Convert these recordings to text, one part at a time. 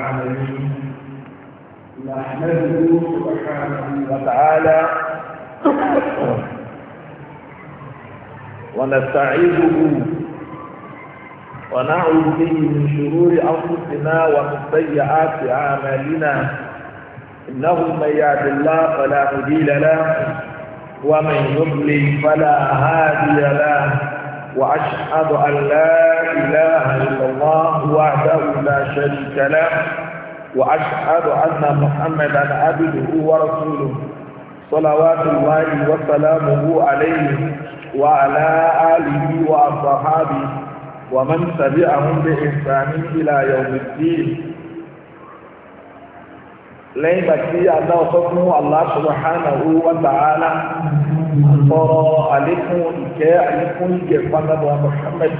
العالمين نحمده سبحانه وتعالى ونستعيده ونعوذ به من شرور انفسنا ومن سيئات اعمالنا انه من يهد الله فلا مضل له ومن يضلل فلا هادي له واشهد ان لا لا إله إلا الله وحده لا شريك له وأشهد أن محمدا عبده ورسوله صلوات الله وسلامه عليه وعلى آله وأصحابه ومن تبعهم بإحسان إلى يوم الدين lẹ́yìn ìgbà tí àdá ọ̀sọ́ fún Allah subhanahu wa ta'ala tọrọ àlékún ìkẹ́ àlékún ìjẹ́ pátábọ̀ Muhammad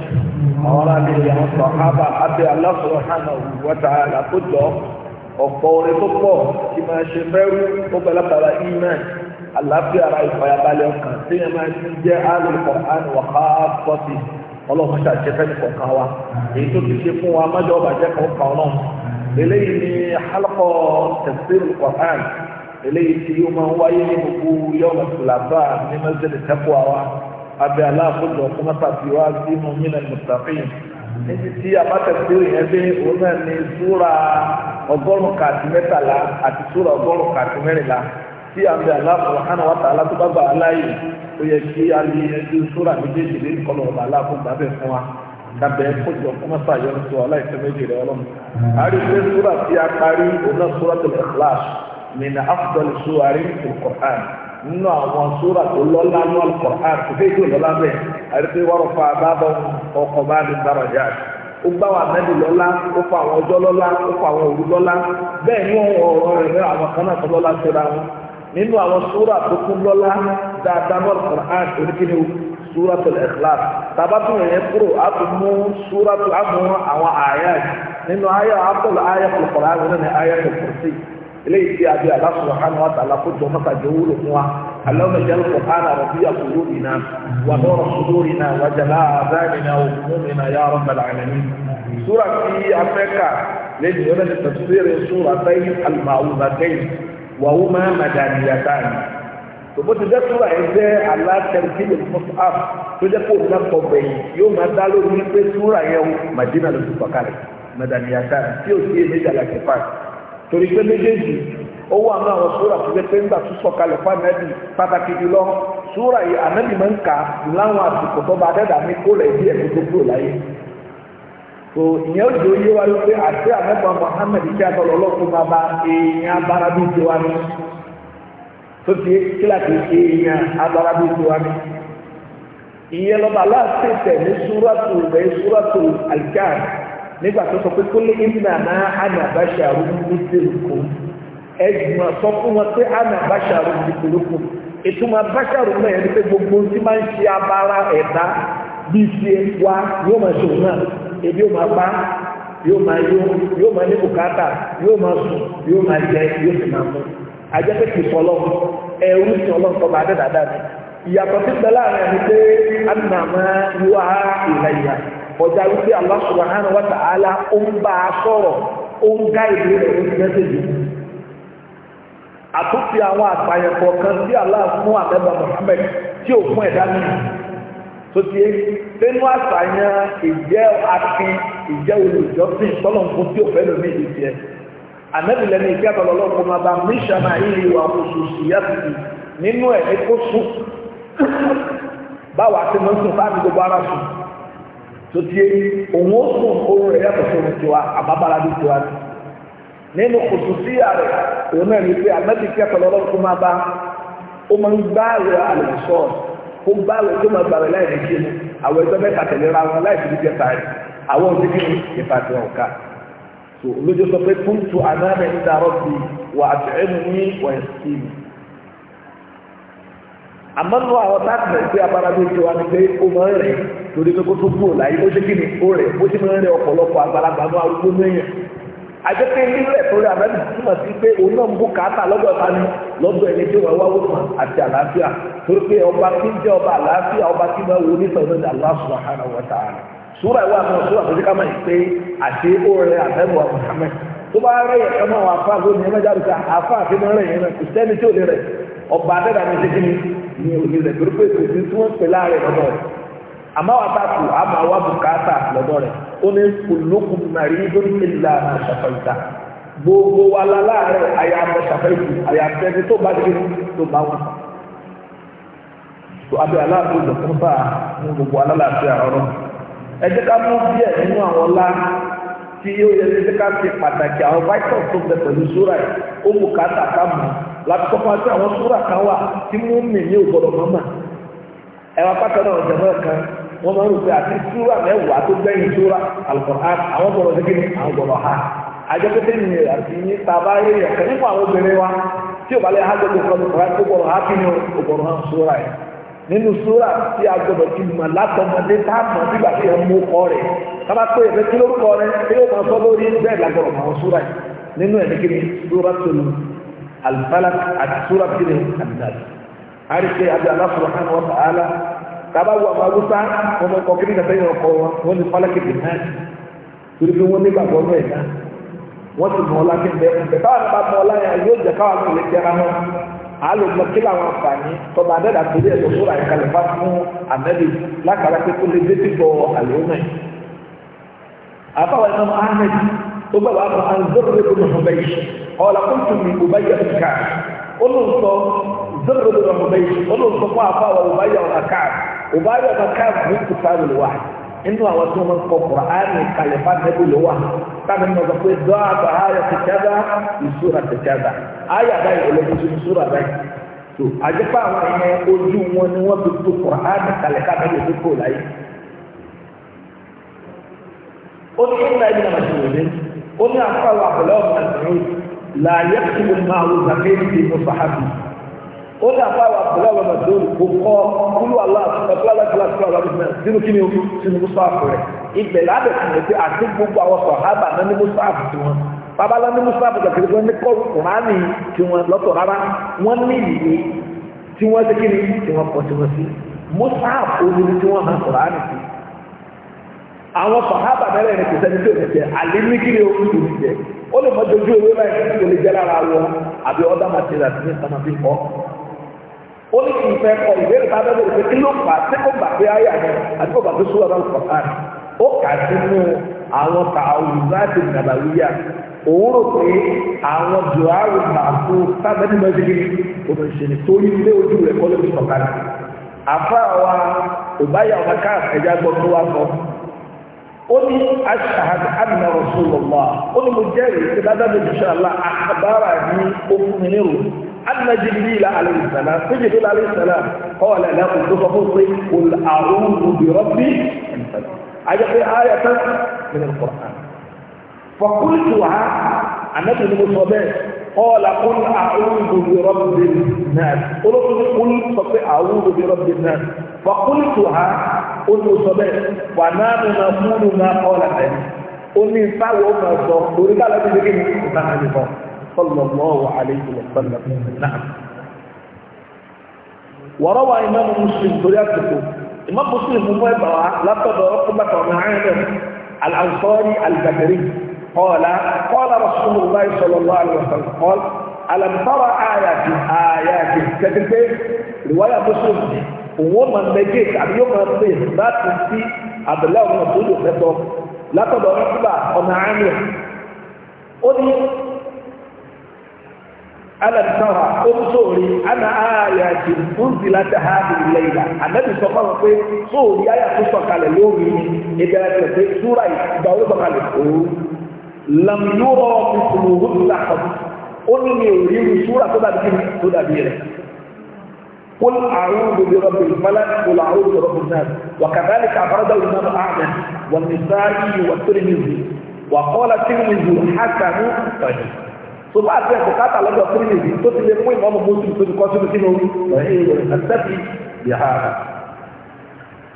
àwọn aláàbí àwọn sọ̀hábà abẹ́ Allah subhanahu wa ta'ala tó jọ ọ̀pọ̀ orin tó pọ̀ tí máa ṣe fẹ́rú tó bẹ̀rẹ̀ bàbá iman àlàáfíà ara ìfọ̀yàbalẹ̀ ọkàn tí yẹn máa ti jẹ́ alùpọ̀ ànùwà káàpọ̀tì ọlọ́run ṣàṣẹfẹ́ nìkan wa èyí tó ti ṣe fún wa májọ́ ọbàjẹ́ kan kan náà eléyìí ni halqa tafsir al-Qur'an eléyìí tí yóò máa ń wáyé ní gbogbo yọ̀ọ̀mù tùlàbà ní mẹ́sẹ̀lẹ̀ tẹ́kọ̀ọ́ wa abẹ́ aláàfọ̀jọ́ kọ́mọ́tà tí wá sí mu mí náà mustaqim níbi tí abátẹ̀síwò yẹn bí òun náà ní súra ọgọ́rùn-ún kàti mẹ́tàlá àti súra ọgọ́rùn-ún kàti mẹ́rìnlá tí abẹ́ aláàfọ̀jọ́ hánà wà tààlà tó bá gbà aláyè ó yẹ kí alẹ́ yẹn ju súra méjèèjì lé kọlọ̀ ọ̀bà aláàfọ̀jọ́ kábẹ́ kójọ kọ́mọ́sá yọ ní tiwa láì fẹ́mi jèrè ọlọ́mù. àríwé sura tí a parí ọ̀nà suratul ikhlas min afdal suwari fil qur'an nínú àwọn sura tó lọ́lá ní al-qur'an kò fẹ́ yóò lọ́lá bẹ́ẹ̀ àríwé wọ́n fa bábọ̀ ọkọ̀ bá ní daraja ó gbá wa mẹ́lì lọ́lá ó fa àwọn ọjọ́ lọ́lá ó fa àwọn òru lọ́lá bẹ́ẹ̀ ni ọ̀rọ̀ rẹ̀ rẹ̀ àwọn kan náà tó lọ́lá síra wọn nínú àwọn sura tó kún lọ́lá dáadáa ní al suratul ikhlas tàbá tún yẹn kúrò a tún mú suratu a mú àwọn àyà nínú àyà àtọ̀lọ̀ àyà kòkòrò àwọn ní àyà kòkòrò sí eléyìí tí a bí Allah subhanahu wa ta'ala kó jọ mọ́ta jẹ́ wúlò fún wa اللهم اجعل القرآن ربيع قلوبنا ونور صدورنا وجلاء آذاننا وهمومنا يا رب العالمين سورة في أمريكا لأن هناك تفسير سورتين المعوذتين وهما مدنيتان tòbó ti dẹ́kun àyè jẹ́ alátẹ̀rẹ́dì lè fún af tó jẹ́ kó nà kọ̀ bẹ̀yìn yóò máa dá lórí ní pé súra yẹn o màdínà ló ti sọ̀kalẹ̀ mẹ̀dàníyàtà tí ò sí èmi dàgbà ti pa torí pé méjèèjì ó wà ní àwọn súra tó jẹ́ pé ńgbà tó sọ̀kalẹ̀ fún anábì pàtàkì jùlọ súra yìí anábì máa ń kà láwọn àsìkò tó bá dẹ́dà mi kó rẹ̀ bí ẹ̀kú tó kúrò láyé so ìyẹn ó jò yé wa wípé àti àmẹ́gbà Muhammad kí a tọ̀lọ́ lọ́kùnrin bá èèyàn tó fi kíláàsì èèyàn abarabi tó wa ní. ìyẹn lọ́ba aláàfin tẹ̀ ní súrọ́tù rẹ̀ súrọ́tù àlìkáà nígbà tó sọ pé kó lé ìnà náà ànà bàṣà rúbí tìrùkù ẹ̀jùmọ̀ sọ fún wọn pé ànà bàṣà rúbí tìrùkù ìtumọ̀ bàṣà rúbí náà yẹn ni pé gbogbo tí máa ń ṣe abara ẹ̀dá bíi ṣe wá yóò máa ṣòwò náà ebi yóò máa bá yóò máa yó yóò máa ní bùkátà yóò máa sùn yóò máa jẹ yóò sì máa mú àjẹpẹ́ kì í sọlọ ẹrú sọlọ sọba adẹ́dàdà ni ìyàtọ̀ títẹ̀ láàrin ẹni pé anamá wá ìlàyà ọjà wípé Allah subhanahu wa ta'ala ó ń bá a sọ̀rọ̀ ó ń gá ìlú rẹ̀ ó ń mẹ́sẹ̀jì àtúnfi àwọn àpàyàn kọ̀ọ̀kan sí Allah fún àtẹ́bà Muhammad tí ò fún ẹ̀dá mi tó ti nínú àṣàyàn ìjẹ́ akin ìjẹ́ olùjọ́sìn tọ́lọ̀ fún tí ò fẹ́ lómi ìdí tiẹ̀ ànábì lẹ́nu ìfẹ́ àtọ̀lọ́lọ́ kó máa bá míṣàmà ìrì wà oṣooṣù yàtìkì nínú ẹ̀ ní kó sùn báwa ti mọ́ sùn fáàmì gbogbo ara sùn tó ti òun ó sùn oorun rẹ̀ yàtọ̀ sóorun tiwa àbábára bí tiwa ni nínú kòtùsí àrẹ òun náà ní pé ànábì ìfẹ́ àtọ̀lọ́lọ́ kó máa bá ó máa ń gbá àrẹ àlùsọ̀ ó gbá àrẹ tó máa gbàrẹ̀ láì láì olójú sọ pé kúntù ànáàmì ìdárọ̀ bíi wà àtẹ̀ẹ́nu ní wẹ̀ẹ́sì mi. àmọ́ nù àwọn táàkì rẹ̀ pé abáradé ti wá ni pé ó máa ń rẹ̀ torí pé kó tó kúrò láyé ó ṣe kí ni ó rẹ̀ ó sì máa ń rẹ̀ ọ̀pọ̀lọpọ̀ àgbàlagbà ní arúgbó mẹ́yìn. nílẹ̀ sí pé òun náà ń bú kàátà lọ́dọ̀ ni lọ́dọ̀ torí pé ọba tí ń jẹ́ ọba àlàáfíà sùúrà wà mọ sùúrà tó ti ká mọ ìpè àti òòrè àbẹ̀wò àmọ̀hámẹ́ tó bá rẹ̀ yẹ kọ́ náà àfa tó ní ẹ̀mẹ́jà lùkà àfa àti mọ́ rẹ̀ yẹn rẹ̀ kò sẹ́ni tí ò lè rẹ̀ ọba àdẹ́dà ní ṣẹ́kí ni ní òní rẹ̀ torí pé kò sí tí wọ́n pè láàrẹ̀ lọ́dọ̀ rẹ̀ àmọ́ wa ta kù àmọ́ wa bùkátà lọ́dọ̀ rẹ̀ ó ní kùlùkùn màrí lórí ìlà àṣàfẹ́ta gbogbo wa la láàrẹ̀ àyà àṣàfẹ́tù àyà àṣàfẹ́tù tó bá dé tó bá wọn tó abẹ́ aláàbò lọ́kùnfà ní gbogbo alálàáfíà ọ̀rọ̀ ẹ jẹ́ ká mú díẹ̀ nínú àwọn ọlá tí yóò yẹ kí ká ṣe pàtàkì àwọn vital tó bẹ pẹ̀lú sóra yìí ó mú kàtà ká mọ̀ láti kọ́ fún wa sí àwọn sóra kan wà tí mú mi ní ògbọ́dọ̀ mọ́mà ẹ̀wọ̀n pátá náà ọ̀jẹ̀ náà kan wọ́n máa ń rò pé àti sóra mẹ́wàá tó gbẹ̀yìn sóra Al-Qur'an àwọn gbọ́dọ̀ sí kíni àwọn gbọ́dọ̀ ha àjẹpẹ́tẹ́ mi àti yín tàbá yé ẹ̀kẹ́ nípa àwọn obìnrin wa tí ò bá lẹ́ nínú súrà tí a gbọdọ̀ ti mọ̀ látọmọdé tá a mọ̀ nígbà tí wọ́n mú kọ́ rẹ̀ kábà pé ẹ̀fẹ́ kí ló kọ́ rẹ̀ kí ló máa sọ lórí bẹ́ẹ̀ lágbọ̀rọ̀ mọ̀ ọ́ súrà yìí nínú ẹ̀ nìkíni súrà tó lu al-Falaq àti súrà kíni an-Nās àríṣe àti Allah subhanahu wa ta'ala kábà wọ àwọn awúsá ọmọ ẹ̀kọ́ kí nígbà tẹ́yìn ọkọ wọn wọ́n ní Falaq alòmọ kí làwọn àǹfààní tọba adẹ́dà torí ẹ̀ lọ́sọ́ ra ìkàlẹ̀ bá fún ànábì lákàrà pé kó lè débi bọ àlùmọ̀ yìí. àbáwọ̀ ẹ̀ náà ahmed tó bá wà fún anzọ́rọ̀lẹ́ kó lọ́sọ̀ bẹ́ẹ̀ yìí ọ̀la kó tún mi òbá yẹ kíkà olóòótọ́ zọ́rọ̀lẹ́ kó lọ́sọ̀ bẹ́ẹ̀ yìí olóòótọ́ fún àbáwọ̀ òbá yẹ ọ̀la káà òbá yẹ ọ̀la káà nínú àwọn tí wọ́n kọ kùránì kalẹ̀ bá nẹ́bù ló wà táwọn ènìyàn sọ pé dọ́ àbá ayọ̀ tẹ̀síàdá ìṣúra tẹ̀síàdá ayọ̀ àbá ìwọlọ́dún tó ìṣúra àbá yìí tó àjẹpá àwọn ìyẹn ojú wọn ni wọ́n fi tó kùránì kalẹ̀ káàkiri tó kò láyé. ó ní ìgbà ìdí náà ti wòlé ó ní àkọ́wà àbọ̀lọ́ọ̀ ó ní àfáwà abdullahi madoori kò kọ́ kúlú aláàfin sínú kí ni o sínú mùsàfù rẹ̀ ibẹ̀ lábẹ̀ fún mi pé àti gbogbo àwọn sọ̀hábà náà ní mùsàfù tí wọ́n babalá ní mùsàfù kàkiri wọn ní kọ́ kùránì tí wọ́n lọ́tọ̀ rárá wọ́n ní ìwé tí wọ́n ti kí ni tí wọ́n kọ́ tí wọ́n sí mùsàfù ni tí wọ́n hàn kùránì sí àwọn sọ̀hábà mẹ́rẹ̀ ní kìsẹ́ni tó lè jẹ o kiri omi tó lè jẹ ó lè mọ dojú ewé báyìí tó lè jẹ lára wọn àbí ọ̀dà màtí ó ní ìfẹ́ kọ ìbéèrè tá a bẹ́ẹ̀ bẹ̀rẹ̀ pé kí ló fà á sí kó gbà pé ayà yẹn àti kó gbà pé sùúrù ọ̀dọ́ kọ̀ọ̀kan ó kà sínú àwọn tàwùzáàtì nàbàwíyà òun rò pé àwọn jòhárù màfú sábẹ́ni mẹ́sìkì òmìnirìṣẹ́ni tó yí lé ojú rẹ̀ kọ́ lóbi kọ̀ọ̀kan àfa òbáyà ọba káàf ẹja gbọ́ tó wá kọ́ ó ní aṣáájú àmì rasulullah ó ní mo jẹ́rìí sí dáadáa lójú ṣáàlá àkàbárà ní ó fún mi nírò أن جبريل عليه السلام جبريل عليه السلام قال لا فصي قل أعوذ بربي الفلق أجل آية من القرآن فقلتها النبي المصابات قال قل أعوذ برب الناس قلت قل فقل أعوذ برب الناس فقلتها المصابات وما نقول ما قال النبي قل من فوق ما صار قل لا تجد صلى الله عليه وسلم نعم وروى إمام مسلم درياته إمام مسلم هو لا تدور قبة ومعانا الأنصاري البدري قال قال رسول الله صلى الله عليه وسلم قال ألم ترى آيات آيات كتبت رواية مسلم وما نجيت أن يوم الدين لا تنسي عبد الله بن مسعود لا تدور قبة ومعانا ó ní ألم ترى أبصري أنا آية أنزلت هذه الليلة النبي صلى الله عليه وسلم صوري آية تصدق على اليوم إذا تبدأ سورة داود على لم يرى في قط قل لي أريد سورة تدابير قل أعوذ برب الفلك قل أعوذ برب الناس وكذلك أفرده الإمام أحمد والنسائي والترمذي وقال الترمذي حسن طيب sọba àti ẹ̀kọ́ káta lọ́dọ̀ fún mi yìí tó ti lè mú ìmọ̀mù mọ́tún tó ti kọ́ sínú sínú ẹ̀sẹ̀tì yàrá.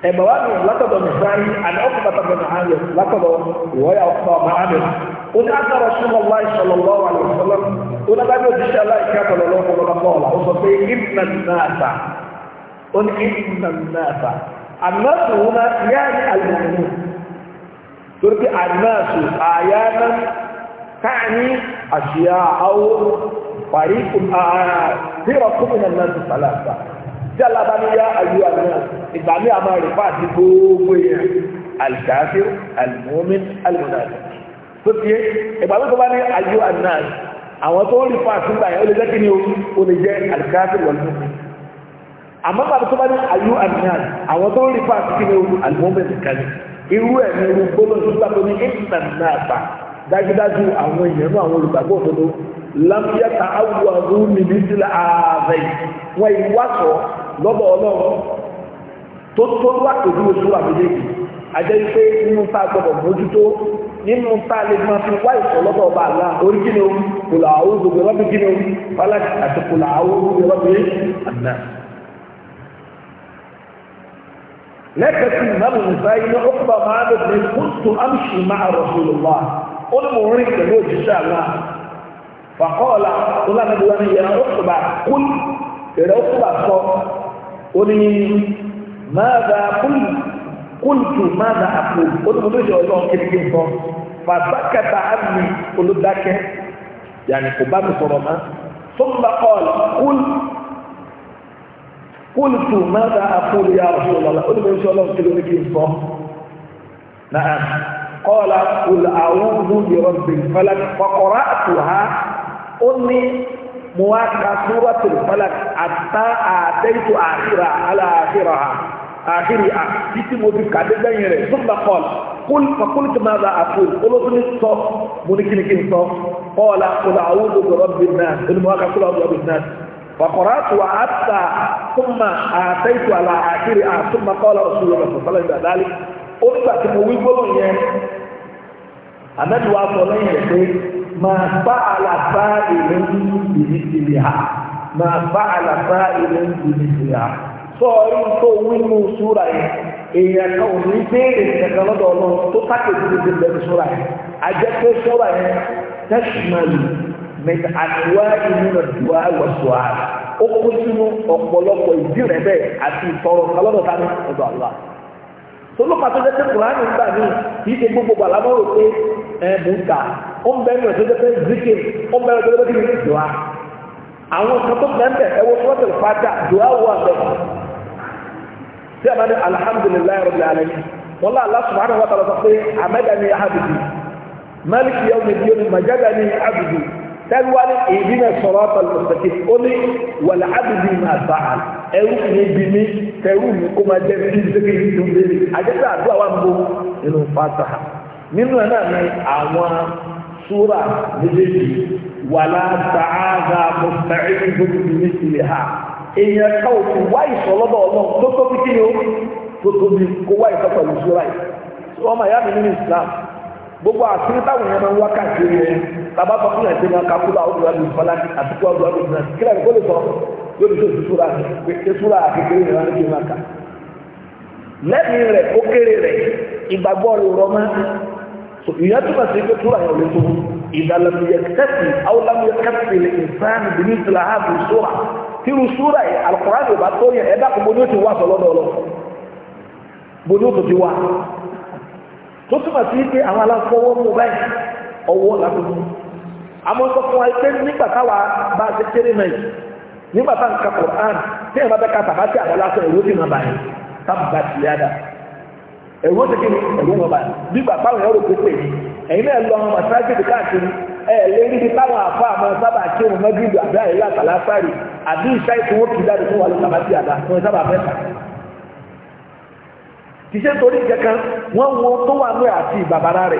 ẹ̀bà wa mi látọ̀dọ̀ mi sáyé àná ọkọ̀ bàtà bẹ̀ nà áyọ̀ látọ̀dọ̀ wọ́ọ̀yà ọkọ̀ ọmọ ámì. ó ní aka Rasulullah sallallahu alaihi wasallam ó ní abájọ́ òṣìṣẹ́ aláìka kọlọ́lọ́ kọlọ́lọ́ ó sọ pé ìmùnà nàta ó ní ìmùnà nàta àmọ́sù wọn yá ní àlùmọ́ àṣìyà àwọ parí fíra kúmìnà náà ti sàlẹ̀ àgbà tí alábàáníyá ayé àná ìgbà mi àmà rẹ̀ fà ti gbogbo yẹn alìkàáfíì alìmọ́mí alìmọ́nàdì tó ti yé ìgbà mi tó bá ní ayé àná àwọn tó ń rí fà sí gbà yẹn ó lè jẹ́ kí ni ó lè jẹ́ alìkàáfíì wọ̀lúmọ́mí àmọ́ bàbá tó bá ní ayú àníyàn àwọn tó ń rí fáàsì kí ni olú àlùmọ́mẹ́sì kan irú ẹ̀ ní irú gbólóhùn tó gbàgbọ́ ní ìtàn náà bá dájúdájú àwọn èèyàn náà àwọn olùgbàgbọ́ òdodo lámúyẹ́ta awùwà rúmi ní sílẹ̀ ààrẹ wọn ìwásọ̀ lọ́bọ̀ ọlọ́run tó tó lápèjú oṣù àbílẹ̀kì àjẹ́ pé nínú tá a gbọ́dọ̀ mójútó nínú tá a lè máa fi wá ìsọ̀ lọ́bọ̀ ọba àlá orí kí ni o kò là áwó gbogbo ẹ̀rọ bí kí ni o àti kò là gbogbo ẹ̀rọ bí àná. lẹ́kẹ̀ẹ́ sí ó ní mò ń rìn pẹ̀lú òjíṣẹ́ àlá fàkọ́ọ̀lá tó lánàbí wá ní yẹn ó sì bá kún èrè ó sì bá sọ ó ní máàdà kún kún tù máàdà àpò ó ní mo ní ìṣòro náà kékeré sọ fàbákàtà àmì olùdákẹ́ yàní kò bá mi sọ̀rọ̀ mọ́ sọ́mbà kọ́ọ̀lá kún kún tù máàdà àpò ìyá ọ̀ṣun lọ́la ó ní mo ní ìṣòro náà kékeré sọ náà kọ́ọ̀lá kùlù àwọn ọdún ìrọ̀bìn falak kọ́kọ́rọ́ àtùhá ó ní mo wá ka súrọ̀ tìlù falak àtà àtẹ́yìntò àhírà aláàhírà ha àhírí à títí mo fi kàdé gbẹ̀yìn rẹ̀ súnmọ́ kọ́ọ̀lá kúlù kọ́kúlù tó máa bá àtùl olóṣù ní sọ mo ní kíni kíni sọ kọ́ọ̀lá kùlù àwọn ọdún ìrọ̀bìn náà ó ní mo wá ka kùlù àwọn ọdún náà فقرأت وعدت ثم آتيت على آخر ثم قال رسول الله ànábì wa sọ lẹ́yìn rẹ̀ pé máa bá àlàbá èrè ń bìbí tìrì ha máa bá àlàbá èrè ń bìbí tìrì ha sọ orí tó wínú súra yẹn èèyàn kan ò ní béèrè kankan lọ́dọ̀ ọlọ́run tó kákèjì lè bẹ̀rẹ̀ súra yẹn àjẹpé súra yẹn tẹ́sùmọ̀lì mẹ́ta àtiwá ìlú náà dùwà wọ̀ṣùwà ó kó sínú ọ̀pọ̀lọpọ̀ ìdí rẹ̀ bẹ́ẹ̀ àti ìtọ́rọ̀ kalọ́dọ̀ tánú ọ̀dọ̀ àlọ́ àti tolóka tó dẹ́sẹ̀ kùránì gbà mí kì í ṣe gbogbo gbàlá mọ́ rò pé ẹ mò ń kà ó ń bẹ́ẹ̀ tó dẹ́sẹ̀ zikè ó ń bẹ́ẹ̀ tó dẹ́sẹ̀ kìí dùá àwọn kan tó bẹ́ẹ̀ ẹ wo fàájà dùá wọ abẹ́ tí a bá ní alhamdulilayi rabbil alamin wọn lọ Allah subhanahu wa ta'ala sọ pé amẹ́dani abidi maliki yawmi diyoni majadani abidi tẹ́lú wá ní ìdínà sọ̀rọ̀tọ̀ lọ́sẹ̀kì ó ní wàlẹ̀ àdùbí máa bá a ẹrú mi bí mi tẹ̀rù mi kó máa jẹ́ bí ṣe kéde tó léèrè àjẹsà àdúrà wà ń bọ̀ nínú fàtà nínú ẹ̀ náà ní àwọn súrà méjèèjì wàlá tààgà mùsàlùmí gbogbo mi sílẹ̀ ha èèyàn ká òkú wá ìsọ̀lọ́dọ̀ ọlọ́run tó tóbi kí ni ó tó tóbi kó wá ìsọ̀ bàbá fọ fún ẹsẹ náà kakúlà ọdún àdùn falaki àtúkọ ọdún àdùn náà kílà ní kólé sọ yóò ní sọ sura sura kékeré ní wọn kéwàá ká lẹ́yìn rẹ̀ ó kéré rẹ̀ ìgbàgbọ́ rẹ̀ rọ mọ́ ìyá túmọ̀ sí pé sura yẹn ò lè tó ìdàlàmìyẹ kẹsì awolamiya kẹsì lè nsàmì bìnnì tìlà ha bù sura tìrù sura yẹ alukura yóò bá tó yẹ ẹ dàkú bó ní o ti wá sọlọ dọlọ bó ní o tó ti wá tó túmọ̀ sí pé àwọn aláfọwọ́ mú báyìí ọwọ́ làkúndùn àmọ́ sọ fún wa pé nígbà táwa bá ṣe kéré náà yìí nígbà tá nǹkan Qur'an tí ẹ̀ bá bẹ́ ká tàbá tí àwọn aláṣọ ẹ̀rọ ti máa báyìí tábùbá ti lé àdá ẹ̀rọ ti kí ni ẹ̀rọ máa báyìí nígbà táwọn ẹ̀rọ pé pé ẹ̀yin náà lọ ọmọ màtíráṣíìtì káàkiri ẹ̀ lé níbi táwọn àfa àmọ́ sábà kí wọn mọ́gídù àbí àyílá àtàlásárì àbí ìṣá ìfowó kì í dáre fún wa ló tàbá tí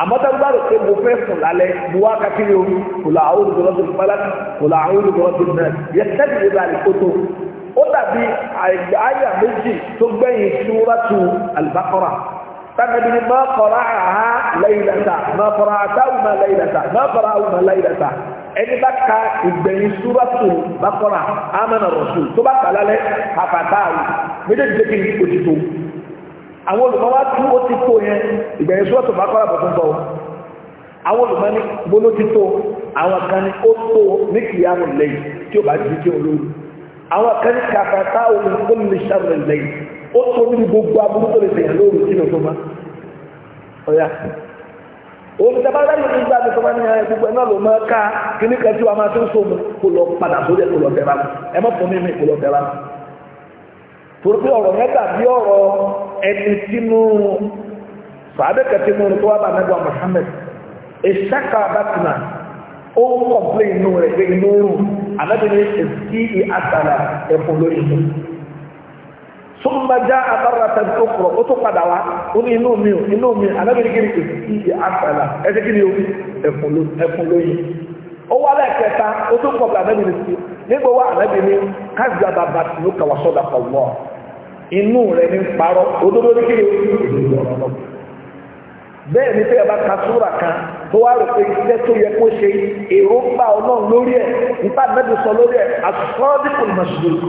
àmọ́tàgbàrò pé mo fẹ́ sùn lálẹ́ mo wá kakiri omi kò là àwọn olùdókòtò ìpalàkì kò là àwọn olùdókòtò náà yẹ sẹ́ẹ̀tì lè ba àlèkótó ó dàbí àyà méjì tó gbẹ̀yìn súrátù àlùbákọ́rà tábìlì ni má kọ́ra àhá láylata má kọ́ra àtàwùmá láylata má kọ́ra àwùmá láylata ẹni bá ka ìgbẹ̀yìn súrátù bákọ́rà àmàna rọ̀ṣù bá kà lálẹ́ àfàtà àwọn olùmọ̀ wá tú ó ti tó yẹn ìgbẹ̀yìn sọ́ọ̀tù bá kọ́ra bọ̀tún bọ̀ àwọn olùmọ̀ ní gbóló ti tó àwọn kan ní ó tó ní kìyàmù lẹ́yìn tí ó bá jí kí olóòrù àwọn kan ní kàkàtà òun ó lè ṣàmù lẹ́yìn ó tó ní gbogbo aburú tó lè tẹ̀yàn lóòrù tí ó tó má ọ̀yà olùdábàdà yìí nígbà tó sọ́mọ́ ní ẹ gbogbo náà ló ká kíníkà tí wàá máa tó torí ọ̀rọ̀ yẹn dàbí ọ̀rọ̀ ẹni tínú sàádẹ́kẹ̀ tínú tó wà lánàgbà Muhammad ìṣàkà bàtìnà ó ń kọ̀m̀plé inú rẹ̀ pé inú rùn alábìnrin ìsìkí ìhàtàlà ẹ̀fọ́ lórí inú súnmọ́já abárata tó kọ̀ ó tó padà wá ó ní inú mi ò inú mi alábìnrin kiri ìsìkí ìhàtàlà ẹ̀sẹ̀ kiri ẹ̀fọ́ lórí ó lẹ́ẹ̀kẹta ó tó sí nígbà inú rẹ̀ ní parọ́ òdodo ní kí ni bẹ́ẹ̀ ni pé ọba ka súra kan tó wá rò pé iṣẹ́ tó yẹ kó ṣe èròǹgbà ọlọ́run lórí ẹ̀ nípa mẹ́tò sọ lórí ẹ̀ àsọ́ọ́dìkùn màṣúlù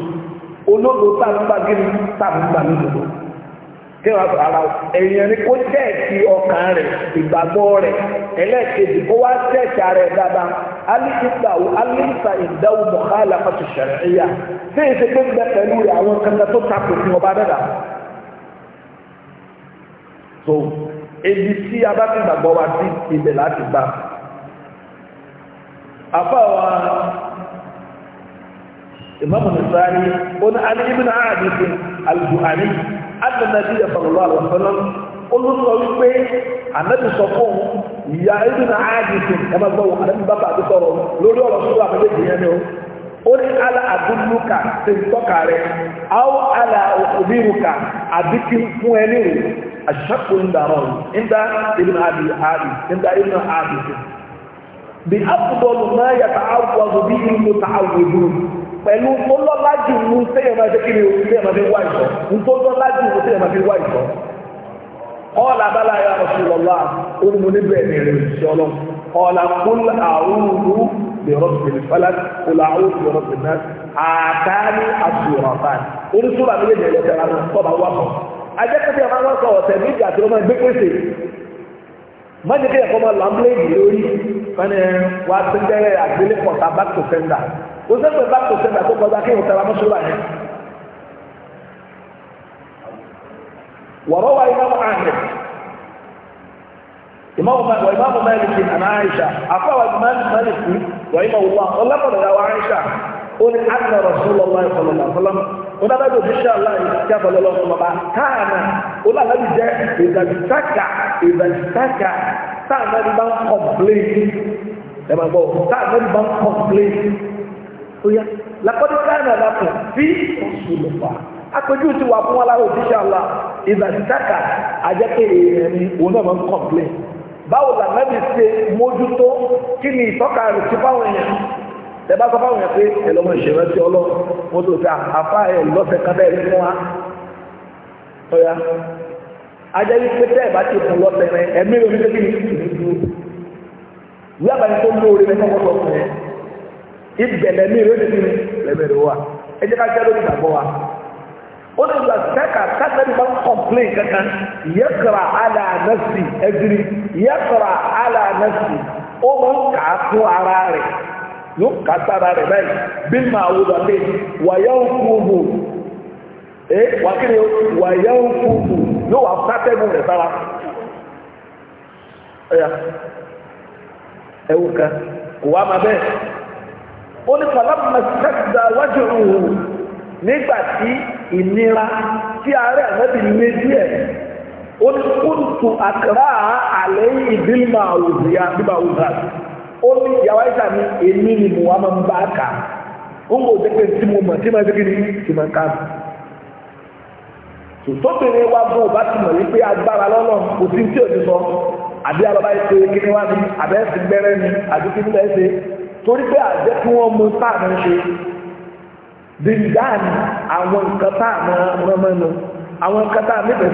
olóògbé tàbí gírí tàbí gbà lódodo kí wọ́n á sọ ara ẹ̀yìn ẹni kó jẹ́ ẹ̀sìn ọkàn rẹ̀ ìgbàgbọ́ rẹ̀ ẹlẹ́ẹ̀kejì kó wá tẹ̀sí ara ẹ̀ dáadáa alíkìtà wò alíkìtà ìdáwò mọ̀kálà fàtò ṣẹ̀ríyà bí èsì tó ń bẹ pẹ̀lú rẹ̀ àwọn kankan tó ta kò fún ọba dẹ́dà. so èyí tí a bá ti gbàgbọ́ wa sí ibẹ̀ láti gbà. afa wa imam nisari ó ní alíkìtà àdìsí alùpùpù àní àdìsí nàìjíríà sọ̀rọ̀ lọ́wọ́ olùsọ wípé anabi sọ fún ìyá ẹbí náà áàdì sí ẹ máa gbọ́ anabi bàbá àti sọ̀rọ̀ lórí ọ̀rọ̀ sọ̀rọ̀ àmì méjì yẹn ni o ó ní ala àdúlùkà ṣe ń tọ́ka rẹ̀ áwọ̀ ala òbírùkà àbí kí n fún ẹ nírò àṣàkó ń darọ̀ ń da ẹbí náà áàdì áàdì ń da ẹbí náà áàdì bí afudọ́lù náà yàtọ̀ àwọn àwọn bí inú ta àwòrán pẹ̀lú tó ń sẹ́yìn máa fi kí ni o sẹ́yìn máa fi wá ìtọ́ ń ń sẹ́yìn máa fi wá ìtọ́ ọ̀la bala ya Rasulullah onímọ̀ níbẹ̀ ní rẹ̀ ìṣọ́lọ́ ọ̀la kún àrùnrù bẹ̀rọ̀ bẹ̀rẹ̀ fẹ́lá kọlá àrùn bẹ̀rọ̀ bẹ̀rẹ̀ àtàní àbúrọ̀fàn oníṣúra mi lè jẹ́ ẹ̀jẹ̀ rẹ̀ kọ́ bá wà kọ́ ajẹ́kẹ́tẹ́ máa wọ́n sọ ọ̀sẹ̀ ní ìgbà tí wọ́n máa gbé pèsè májèké ẹ̀kọ́ máa làmúlẹ́yìn lórí fẹ́ni wá sẹ́ńdẹ́rẹ́ àgbélépọ̀ tá back to sender ó sẹ́ńdẹ́ back to sender tó kọjá kí n tẹ̀ra mọ́ṣúra yẹn وروى إمام أحمد إمام وإمام مالك عن عائشة أقوى إمام مالك رحمه الله قال لقد روى عائشة قل أن رسول الله صلى الله عليه وسلم ona bá dòdò ṣe aláì kí abọ lọlọ ọmọ bá káàna ó lànà bí jẹ ìdàgbàsíkà ìdàgbàsíkà táàmà bí bá ń kọ̀m̀pléyìn ẹ máa gbọ́ táàmà bí bá ń kọ̀m̀pléyìn ó yá lakọ́dún káàna lápò bí oṣù lọ́pàá akójú ti wà fún wa lára òdìṣẹ́ aláà ìbàdíkàkà ajẹ́pẹ́ èèyàn ni òun náà máa ń kọ̀m̀plé báwo làmẹ́bí ṣe mójútó kí ni ìtọ́ka rẹ̀ ti báwọn èèyàn ẹ bá sọ fáwọn èèyàn pé ẹ lọ́mọ ìṣẹ̀rẹ́ ti ọlọ́run mo tó ta àfa ẹ lọ́sẹ̀ kábẹ́ rí fún wa ọ̀ya ajẹ́ wípé tẹ́ ẹ̀ bá ti fún lọ́sẹ̀ rẹ ẹ̀mí rẹ̀ ìlú àbáyé tó lóore rẹ ó lè gba sẹ́kà kásẹ̀lì máa ń kọ̀mplain kankan yẹ́kara aláàánásì ẹ̀dìrí yẹ́kara aláàánásì ó máa ń kà á fún ara rẹ̀ yóò kà á sára rẹ̀ báyìí bí màá wò lọ́lẹ̀ wàyà ń kú bò ẹ wàkìrì wàyà ń kú bò yóò wà sátẹ́gùn rẹ̀ sára ẹ wò ká wà má bẹ́ẹ̀ ó ní kàlámà sẹ́kà wájú òun nígbà tí ìnira tí ààrẹ àmọ́bí lé díẹ̀ ó ní kúntù àkàrà àlẹ́ ìdílmà òdìyà bíbá òdà ó ní ìyàwó ẹ̀ṣà mi èmi ni mo wá máa ń bá kà ó ń bò dẹ́gbẹ́ tí mo mọ̀ tí mo dẹ́gbẹ́ ní tí mo kà mí. tòtòbìnrin wa bó o bá ti mọ̀ wípé agbára lọ́nà kò sí tí ò ní sọ àbí alọ́ba yìí ṣe kíní wá ní àbẹ́sì gbẹ́rẹ́ ni àbí kíní bẹ́ẹ̀ ṣe torí pé àjẹkùn ọmọ táà ń ṣe dìndánì àwọn nǹkan tá à àwọn nkata tá à níbẹ̀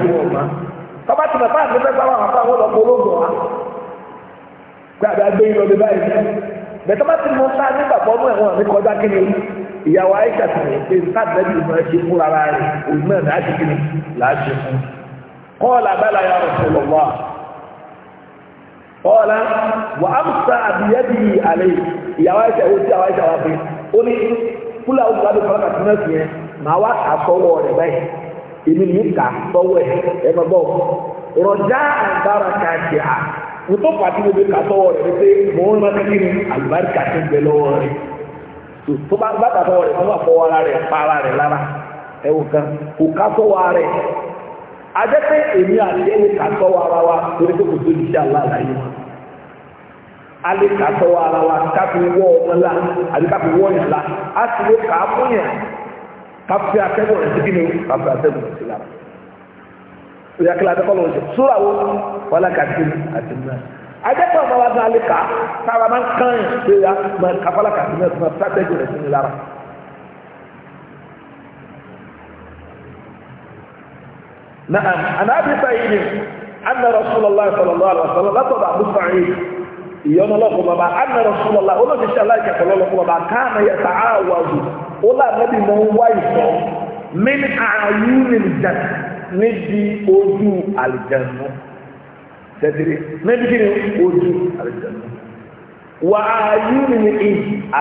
tọ́ba tí bàbá mi fẹ́ sáwọn àpá àwọn ọ̀pọ̀ ológun wa gbàgbà gbé yín báyìí sá nígbà ẹ̀wọ̀n mi kọjá kí ni ìyàwó àyíṣà ṣe fún rẹ̀ òun náà kí ni fún kúlà ó gbàdúrà fọlá kàtí náà fi yẹn màá wá kà sọ́wọ́ rẹ̀ báyìí èmi ní kà sọ́wọ́ ẹ̀ ẹ̀ bá bọ̀ rọjá àgbára kà sí à nítorí pàtí mo fi kà sọ́wọ́ rẹ̀ pé mò ń rántí kí ni àlùbáríkà ti bẹ lọ́wọ́ rẹ̀ tó bá gbà kà sọ́wọ́ rẹ̀ tó bá ara rẹ̀ pa ara rẹ̀ lára ẹ̀ kan kò kà sọ́wọ́ ara rẹ̀ ajẹ́ pé èmi àti ẹni kà sọ́wọ́ ara wa torí pé kò tó di sí àlá àlàyé wọn alẹ k'atọ wa ara wa k'afi wọ ọmọ la àbí k'afi wọ yàn la asi wo k'a fún yàn k'afi atẹ́gùn rẹ̀ sí kíni o k'afi atẹ́gùn rẹ̀ sí la o yà kílà adékọ́ lọ́wọ́ sọ sóra wo wàlá kà sí àti mú náà adékọ́ ọmọ wa sọ alẹ kà sábà máa kàn yàn pé ya máa kàfàlà kà sí náà fún afi atẹ́gùn rẹ̀ sí نعم عن ابي سعيد ان رسول الله صلى الله عليه وسلم لقب ابو سعيد ìyọ́nà lọ́kọ̀ bàbá anna rasulullah olóòtú aláìkẹ́ kọ́ lọ́kọ̀ bàbá káàmì yẹta àwàdù ó lànàbí mọ́ ń wá ìfọ́ min àyùnìn jà níbi ojú àlìjẹ̀nu tẹ̀sírí níbi kí ni ojú àlìjẹ̀nu wà àyùnìn ì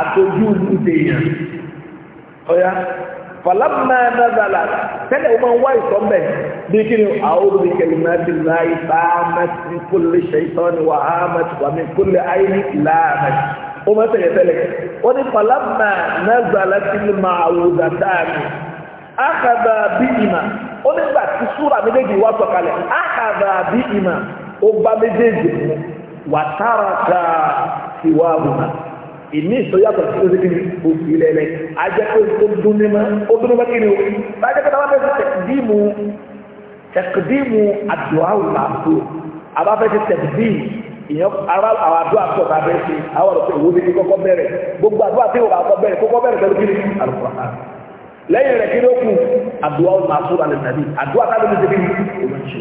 àtọ́jú ìdèyàn ọ̀yá falama nazala tẹ́lẹ̀ wọ́n wá ìsọ́mbẹ̀ bí kí ni àwọn olùkẹ́lìmọ́tì náà ìfàmẹ́sì kúlẹ̀ ṣẹ̀tọ́ ni wà á mẹ́tì wà mí kúlẹ̀ ayélujára ìlàmẹ́tì ó máa tẹ̀lé tẹ́lẹ̀ wọ́n ní falama nazala ti ní máa wò dáadáa mi bí ìmà ó ní gbà tí súra méjèèjì wá sọ̀kalẹ̀ àkàdà bí ìmà ó bá méjèèjì mú wàtàràkà ìwà àbùnà ìmí ìsọyàtọ̀ tí ó ti kiri o fi lẹ́lẹ́ ajẹ́ pé o dún ní ma o dún ní ma kiri o bájẹ́ pé táwọn fẹ́ tẹ̀kídìmù tẹ̀kídìmù àdùáwò làbò àbá fẹ́ ti tẹ̀kídìmù ìyẹn ara àwọn àdúrà tó ta bẹ́ẹ̀ ṣe àwọn ọ̀dọ́ pé ìwé mi ti kọ́kọ́ bẹ̀rẹ̀ gbogbo àdúrà tí ìwà kọ́ bẹ̀rẹ̀ kọ́kọ́ bẹ̀rẹ̀ pẹ̀lú kiri àlùkò lẹ́yìn rẹ̀ kí ló kù àdúrà ó máa sóra lẹ́nu tàbí àdúrà tá ló ń tẹ̀lé ní olùṣe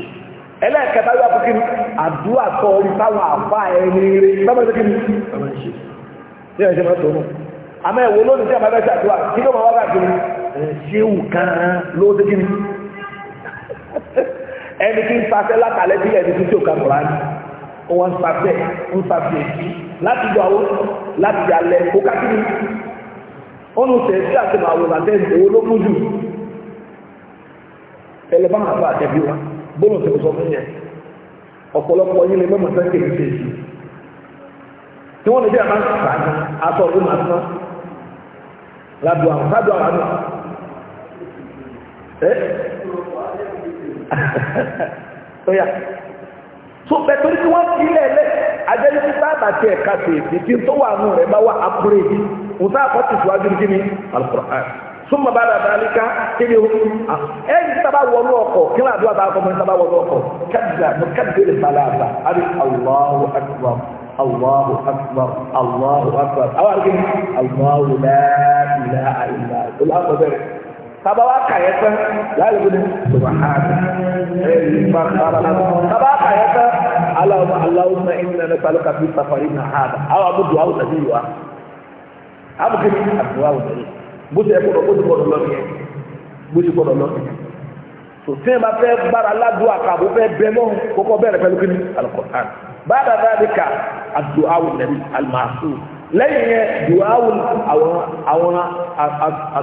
ẹlẹ́ẹ̀kẹta yóò àfikún àdúrà tó orí táwọn àfa ẹni rẹ̀ sábà tẹ̀lé ní olùṣe ní ẹ̀jẹ̀ máa tó nù àmọ́ ẹ̀wọ̀ lónìí tí a máa bẹ́ ṣàdúrà kí ló máa wá káàkiri ṣéwù kan ló dé kíni ẹni tí ń fasẹ́ látàlẹ́ bí ẹni tí tí ò ká kọ̀ọ̀rọ̀ àná wọ́n ń fasẹ́ ń fasẹ́ èyí láti gbọ́ àwọn láti gbà lẹ̀ kó káàkiri wọ́n ń sẹ̀ sí àti màá wọ̀n àtẹ́ ìwọ ló mú jù ẹlẹ́bàá àbá àtẹ́bí wa bọ́ọ̀lù tó sọ fún yẹn ọ̀pọ̀lọpọ̀ yín lè mẹ́mọ̀ sẹ́kẹ̀ẹ́ tí wọ́n lè dé àbá sàánù atọ́ ọdún máa tán ládùú àwọn ládùú àwọn àánú. Tóyà tó bẹ̀tọ́ ní wọ́n fi ilẹ̀ lẹ̀ ajẹ́lẹ́ tí sábà tiẹ̀ ká tèèfì tí tó wà nù rẹ̀ bá wà àkúrẹ́ yìí wọ́n sáà kọ́ tìtù kí ni Al-Qur'an súnmọ́ bá dàda alika kíni o ẹ̀yìn sábà wọnú ọkọ̀ kíni àdúrà bá kọ́ mọ́ sábà wọnú ọkọ̀ kẹ́dìdà mọ́ lè balẹ̀ àbá àbí Allahu Akbar. Allahu akbar Allahu akbar àwọn àgbẹ̀ Allahu la ilaha illa olùhàkọ̀bẹ̀rẹ̀ sábà wà kàyẹ́ fẹ́ láàyè gbọ́dọ̀ subahana ẹ̀rí fàkàrà sábà kàyẹ́ fẹ́ aláwọ̀ aláwọ̀ náà ẹ̀yìn náà nípa lóka bíi safari náà hàdà àwọn àbúdù àwọn tàbí yìí wá àbùkù ní àbúrò àwọn tàbí bó ti ẹ̀kọ́ bó ti kọ́ lọ́ọ̀kì yẹn bó ti kọ́ lọ́ọ̀kì yẹn sòtún ẹ̀ máa fẹ́ gbára ládùú àkàbò fẹ́ bẹ́ẹ̀ náà kókó bẹ̀rẹ̀ pẹ̀lú kíní alukọ̀tán báyìí báyìí ká àdùá wò nàbí àlùmáàfù lẹ́yìn yẹn dùá wò àwọn àwọn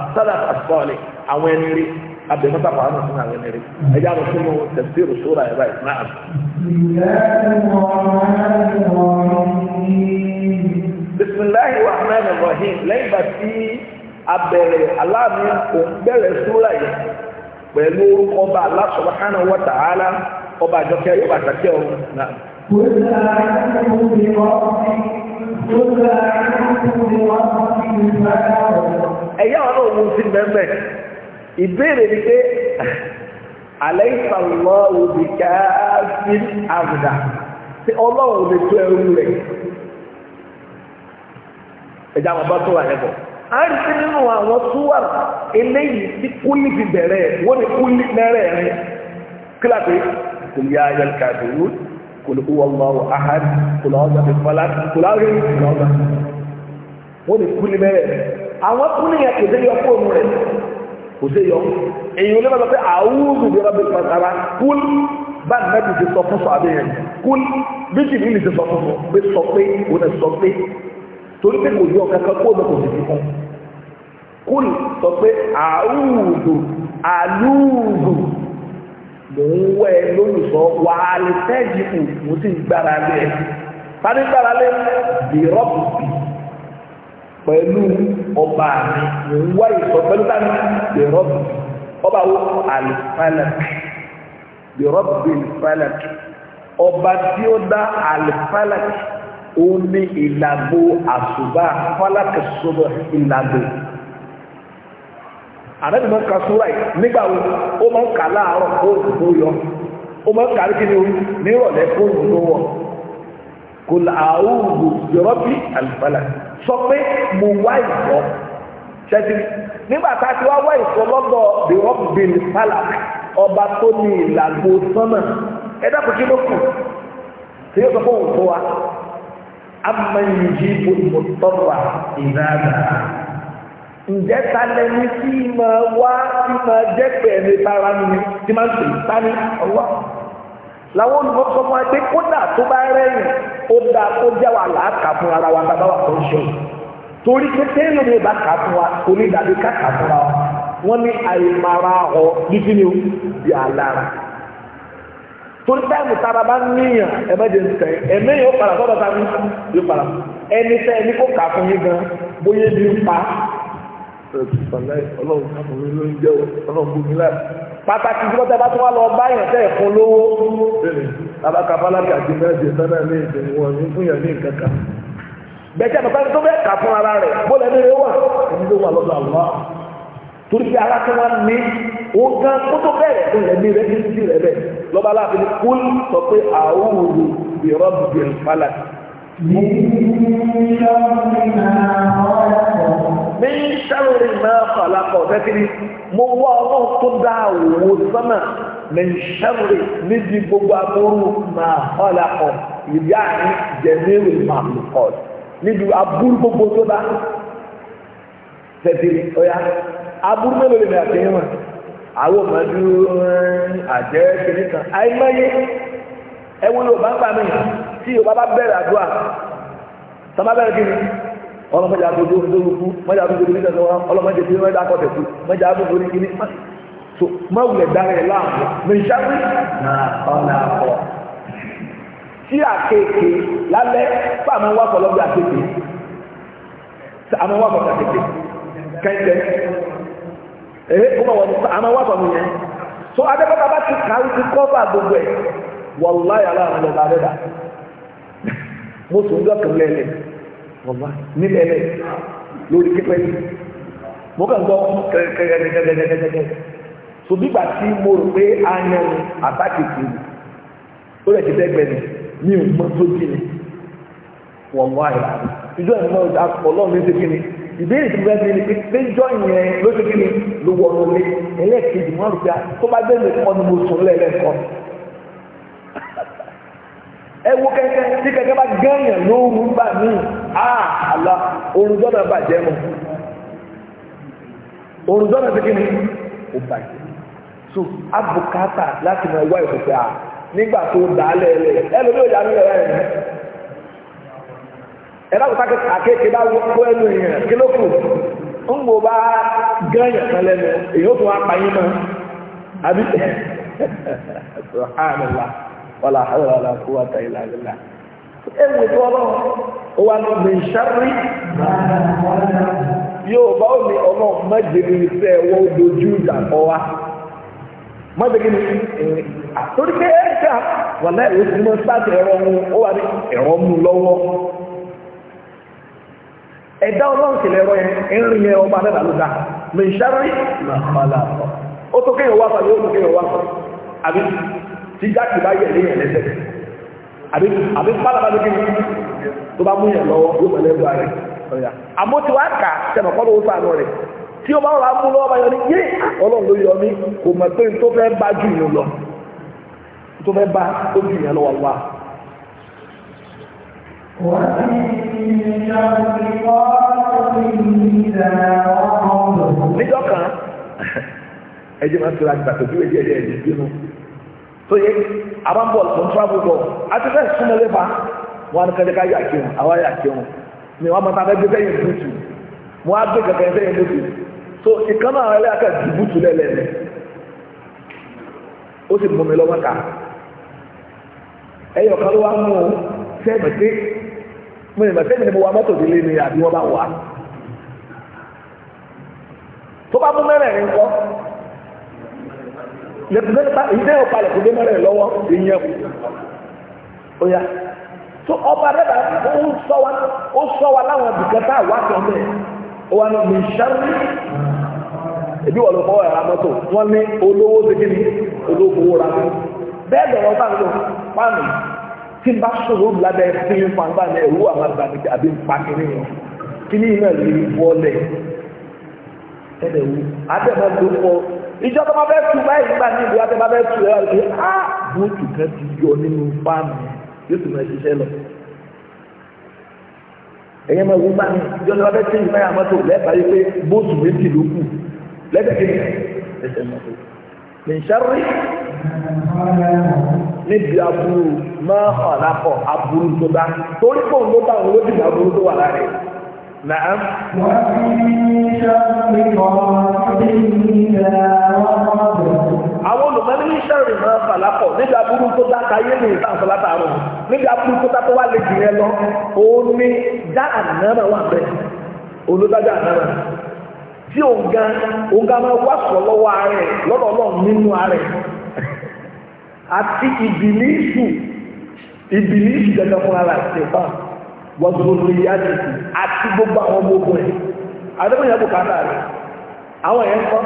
àtàlà àtọ́lẹ̀ àwọn ẹni rí abẹ́mọ́ bàbá wọn fún àwọn ẹni rí ẹjẹ́ àwọn fún wọn tẹ̀sí rùsúrà ẹ̀ báyìí náà. bisimilahi wa rahman rahim lẹ́yìn bàtí abẹ̀rẹ̀ aláàmì òun bẹ̀rẹ̀ súrà yìí pẹ̀lú orúkọ ọba Allah subhanahu wa ta'ala ọba àjọkẹ́ yóò bàtàkẹ́ ọ̀hún náà. قل أعلم ẹ̀yà ọ̀nà òun ti mẹ́mẹ́ ìbéèrè ni pé àlẹ́sàlọ́ òbíkà sí àbùdá tí ọlọ́run lè tó ẹrú rẹ̀ ẹ̀dá àwọn bá tó wà lẹ́bọ̀ a ń ti nínú àwọn tó wà eléyìí tí kúlì fi bẹ̀rẹ̀ wọ́n ni kúlì mẹ́rẹ̀ rẹ̀ kílàpé kò yá ayẹlẹ́kàdé kul huwallahu ahad kul ọ̀gá fi falak kul ọ̀gá fi kul ọ̀gá wọ́n ní kúlì mẹ́rẹ̀ àwọn kúlì yẹn kò sí yọ fóònù rẹ̀ kò sí yọ èyí olè bàbá pé àwùjọ bí rabbil fatara kúl bá nàbì ti sọ fún fàbí yẹn kúl bí jìbìrì ni ti sọ fún fún pé sọ pé òun ẹ̀ sọ pé torí pé kò yọ kankan kó o kò sì fi fún kúl sọ pé àwùjọ àlùjọ mò ń wẹ́ ẹ lólùsọ wà á lè tẹ́jì kù mo sì ń gbára lé ẹ sáré gbára lé bìrọ́pù bì pẹ̀lú ọba mi mò ń wá ìsọ pẹ̀lú tani bìrọ́pù ọba wo àlùfálàkì bìrọ́pù àlùfálàkì ọba tí ó dá àlùfálàkì ó ní ìlàgbó àṣùbà fálàkì sọ́dọ̀ ìlàgbó àrẹ́bì máa ń ka súra yìí nígbà wo ó máa ń kà láàárọ̀ fóònù tó yọ ó máa ń kà kí ni o nírọ̀lẹ́ fóònù tó wọ̀ kò láàárọ̀ yọ̀rọ̀bì àlùfàlà sọ pé mo wá ìfọ́ ṣẹ́tìrì nígbà tá a ti wá wá ìfọ́ lọ́dọ̀ yọ̀rọ̀bì àlùfàlà ọba tó ní ìlàgbò sánmà ẹ dákun kí ló kù tí yóò sọ fún òun fún wa amẹ́yìn jí ìbò ìbò tọ́ra ìdáadáa ǹjẹ́ ta lẹni tí ma wá tí ma jẹ́ pẹ̀lú tara mi tí ma sè tani ọwọ́ làwọn olùkọ́ fún wa pé kódà tó bá rẹ́yìn ó dáa kó jẹ́ wa làákà fún ara wa bàbá wa tó ń ṣe torí pé téèyàn bá kà fún wa onídàbí ká fún wa wọ́n ní àìmara ọ títí ni ó di àlára torí táìmù tára bá níyàn ẹ̀mẹ́jẹ̀ ń tẹ̀ ẹ̀mẹ́yìn ó padà sọ́dọ̀ ta ní yóò ẹni tẹ́ ẹni kó kà fún yín gan bóyá ebi ń pa ọlọ́run kàkùnrin ló ń jẹ́ ọlọ́run gbogbo ńlá pàtàkì tí wọ́n tẹ́ bá tún wá lọ bá yẹn tẹ́ fún lówó abaka balaki àti mẹ́jẹ sẹ́nà ní ìsìn wọn ní fún yẹn ní kankan bẹ́ẹ̀ tí tó bẹ́ẹ̀ kà fún ara rẹ̀ bọ́lá ní rẹ̀ wà ní ló wà lọ́dọ̀ àlọ́ torí pé ara tí wọ́n ní wọ́n gan kó tó bẹ̀rẹ̀ fún yẹn ní rẹ̀ rẹ̀ bẹ́ẹ̀ lọ́ba aláàfin kúl sọ pé àwòrán ìrọ́bù Ní ṣẹ́rùn máa fàlákọ̀ tẹ́kiri, mo wá ọlọ́run tó dá àwòwò sánà lè ṣẹ́rùn níbi gbogbo aburú máa fàlákọ̀ ìyá ní jẹ̀míwì máa lò kọ̀ níbi aburú gbogbo tó dá. Tẹ́kiri, ọ̀ya, aburú mélòó lè ní àtẹ̀yìn wọn? Àwọn ọmọdé àjẹ́ kìnnìkan, àìmọye, ẹ wọ́n bá ń gbà mí tí Yorùbá bá bẹ̀rẹ̀ àdúrà sábà bẹ̀rẹ̀ kí ni ọlọ́mọdé àdúgbò lórí ikú mọ́jà àdúgbò lórí ìtẹ̀sán wọn ọlọ́mọdé tí wọ́n dákọ̀ tẹ̀sí mọ́jà àdúgbò lórí kíní so mọ́wùlẹ̀ dára ẹ̀ láàmú mẹ́ṣáwí ọ̀nà àpọ̀ tí àkekèé lálẹ́ fún àwọn wákọ̀ lọ́gbẹ́ àkekèé àwọn wákọ̀ àkekèé kẹ́kẹ́ ẹ̀hẹ́ kó máa wọ́n àwọn wákọ̀ mi yẹn so adébọ́tà bá ti kàwé ti kọ́ bá gbogbo ẹ̀ wọ́n láyà láàmú lọ́gbà mo sùn lọ́kàn lẹ́lẹ̀ ọ̀gbà nílẹ̀ lẹ̀ lórí pípẹ́ yìí mo kàn gbọ́ kẹ́kẹ́kẹ́kẹ́kẹ́kẹ́kẹ́ so bígbà tí mo rò pé ayan àbákejì mi ó lè ti dẹ́gbẹ́ mi mi ò mọ tó kí ni wọ́n mú àyà ìjọ ìmọ̀ ọlọ́run ní ṣe kí ni ìbéèrè tí mo fẹ́ bíi pé péjọ yẹn lóṣù kí ni ló wọnú mi ẹlẹ́ẹ̀kejì mo rò pé tó bá dé mi kọ́ ni mo sùn lẹ́ẹ̀lẹ́kọ̀ọ́. Ewu kẹ̀kẹ́ tí kẹ̀kẹ́ bá gẹ̀yàn lóru gbà mí àlà orun dọ́nà bàjẹ́ mu orun dọ́nà ti kíni bàjẹ́ so abùkátà láti mọ ẹwà ìfòfẹ́ à nígbà tó dàálẹ̀ rẹ̀ ẹlòmí ò dàálẹ̀ rẹ̀ rẹ̀ bá wọ́n kó ẹnu yẹn kí ló kù ń bá kan lẹ́nu èyí ó tún yín mọ́ wàlá àwọn àlà kó wà ó wà ní mi sáré yóò bá omi ọmọ mẹ́jẹ̀rì sẹ́ wọ́n dojú ìdàpọ̀ wa mẹ́jẹ̀rì ni àtòrí ní ẹ̀dá ọlọ́run kìlẹ̀ ẹ̀rọ yẹn ń rìn yẹn ọba náà ló dá mi sáré ó tó kéèyàn wá sọ yóò tó kéèyàn wá sọ àbí tí jákè bá yẹ̀ léyìn àbí àbí ló kéwì tó bá mú yẹn lọ́wọ́ yóò pẹ̀lú ẹgbẹ́ rẹ̀ ọ̀yà àmọ́ tí wàá kà sẹ́nà kọ́ ló rẹ̀ tí ó bá wà mú lọ́wọ́ bá yọ ní yé ọlọ́run ló yọ mí kò mọ̀ pé tó lọ tó fẹ́ bá tó lọ wà wá. ń tó yẹ abambọ̀ tó ń travel bọ̀ àti fẹ́ súnmọ́ lẹ́fà wọn ni kẹ́kẹ́ ká yà kí wọn àwa yà kí wọn ni wọn máa fẹ́ gbẹ́sẹ̀ yẹn bùtù wọn á gbé kẹ̀kẹ́ sẹ́yìn bùtù so ìkànnà àwọn ẹlẹ́yà kẹ́ ju bùtù lẹ́lẹ́ o sì mú mi lọ́wọ́ ká ẹyọ kan ló wá mú un sẹ́ẹ̀mì tí mo ìmọ̀ sẹ́ẹ̀mì ni mo wá mọ́tò délé ni àbí wọ́n bá wà tó bá mú mẹ́rẹ̀ẹ̀rin kọ́ lẹ́gbẹ́ta ìdí ẹ̀ palẹ̀ kò dé mẹ́rẹ̀ lọ́wọ́ ìyẹn kù ó yá tó ọba rẹ̀bà ó sọ wa ó sọ wa láwọn bìkẹ́tà wà tó mẹ́ ó wà ní mìsàlì ebi wọ́n lọ fọwọ́ ẹ̀rọ amọ́tò wọ́n ní olówó segin ní olówó ra bẹ́ẹ̀ lọ́wọ́ bá ń lò pàmì tí n bá sọ̀rọ̀ lábẹ́ fi ń fan báyìí ẹ̀rú àwọn àgbàdì àbí pàkínní yẹn kí ní ìmọ̀ ìlú wọlé ẹ̀dẹ̀ ìjọ tó máa fẹ́ tu báyìí nígbà ní ìlú àti bàbá tu ẹ̀rọ àti á búùtù kan ti yọ nínú fáàmù yóò tún máa ṣiṣẹ́ lọ. ẹ̀yẹ́ máa wú bá mi ìjọ tó máa fẹ́ tẹ́yìn báyà mọ́tò lẹ́ẹ̀bà yìí pé bóòtù méjì ló kù lẹ́sẹ̀kẹ́ ẹsẹ̀ mọ́tò. nìṣẹ́rì níbi aburú máa hàn lápọ̀ aburú tó dá torí pòun ló bá òun ló dìgbà aburú tó wà láàrin. نعم ومن شر àwọn olùmọ̀lẹ́ ní sẹ́rì máa ń fàlápọ̀ nígbà burú tó dáka yé ní ìta àfọláta àrùn nígbà burú tó dáka wà lè jù yẹn lọ òun ni dá ànára wà bẹ́ẹ̀ olùdájọ́ ànára tí òǹga òǹga máa wá sọ lọ́wọ́ ààrẹ lọ́dọ̀ ọlọ́run nínú ààrẹ àti ìbìlísù ìbìlísù gẹ́gẹ́ fún ara ìṣẹ̀fà wọ́dúnrúyàtì àti gbogbo àwọn ọmọ ogun ẹ̀ adébẹ̀yàn kò kàtà rẹ̀ àwọn ẹ̀yẹn kọ́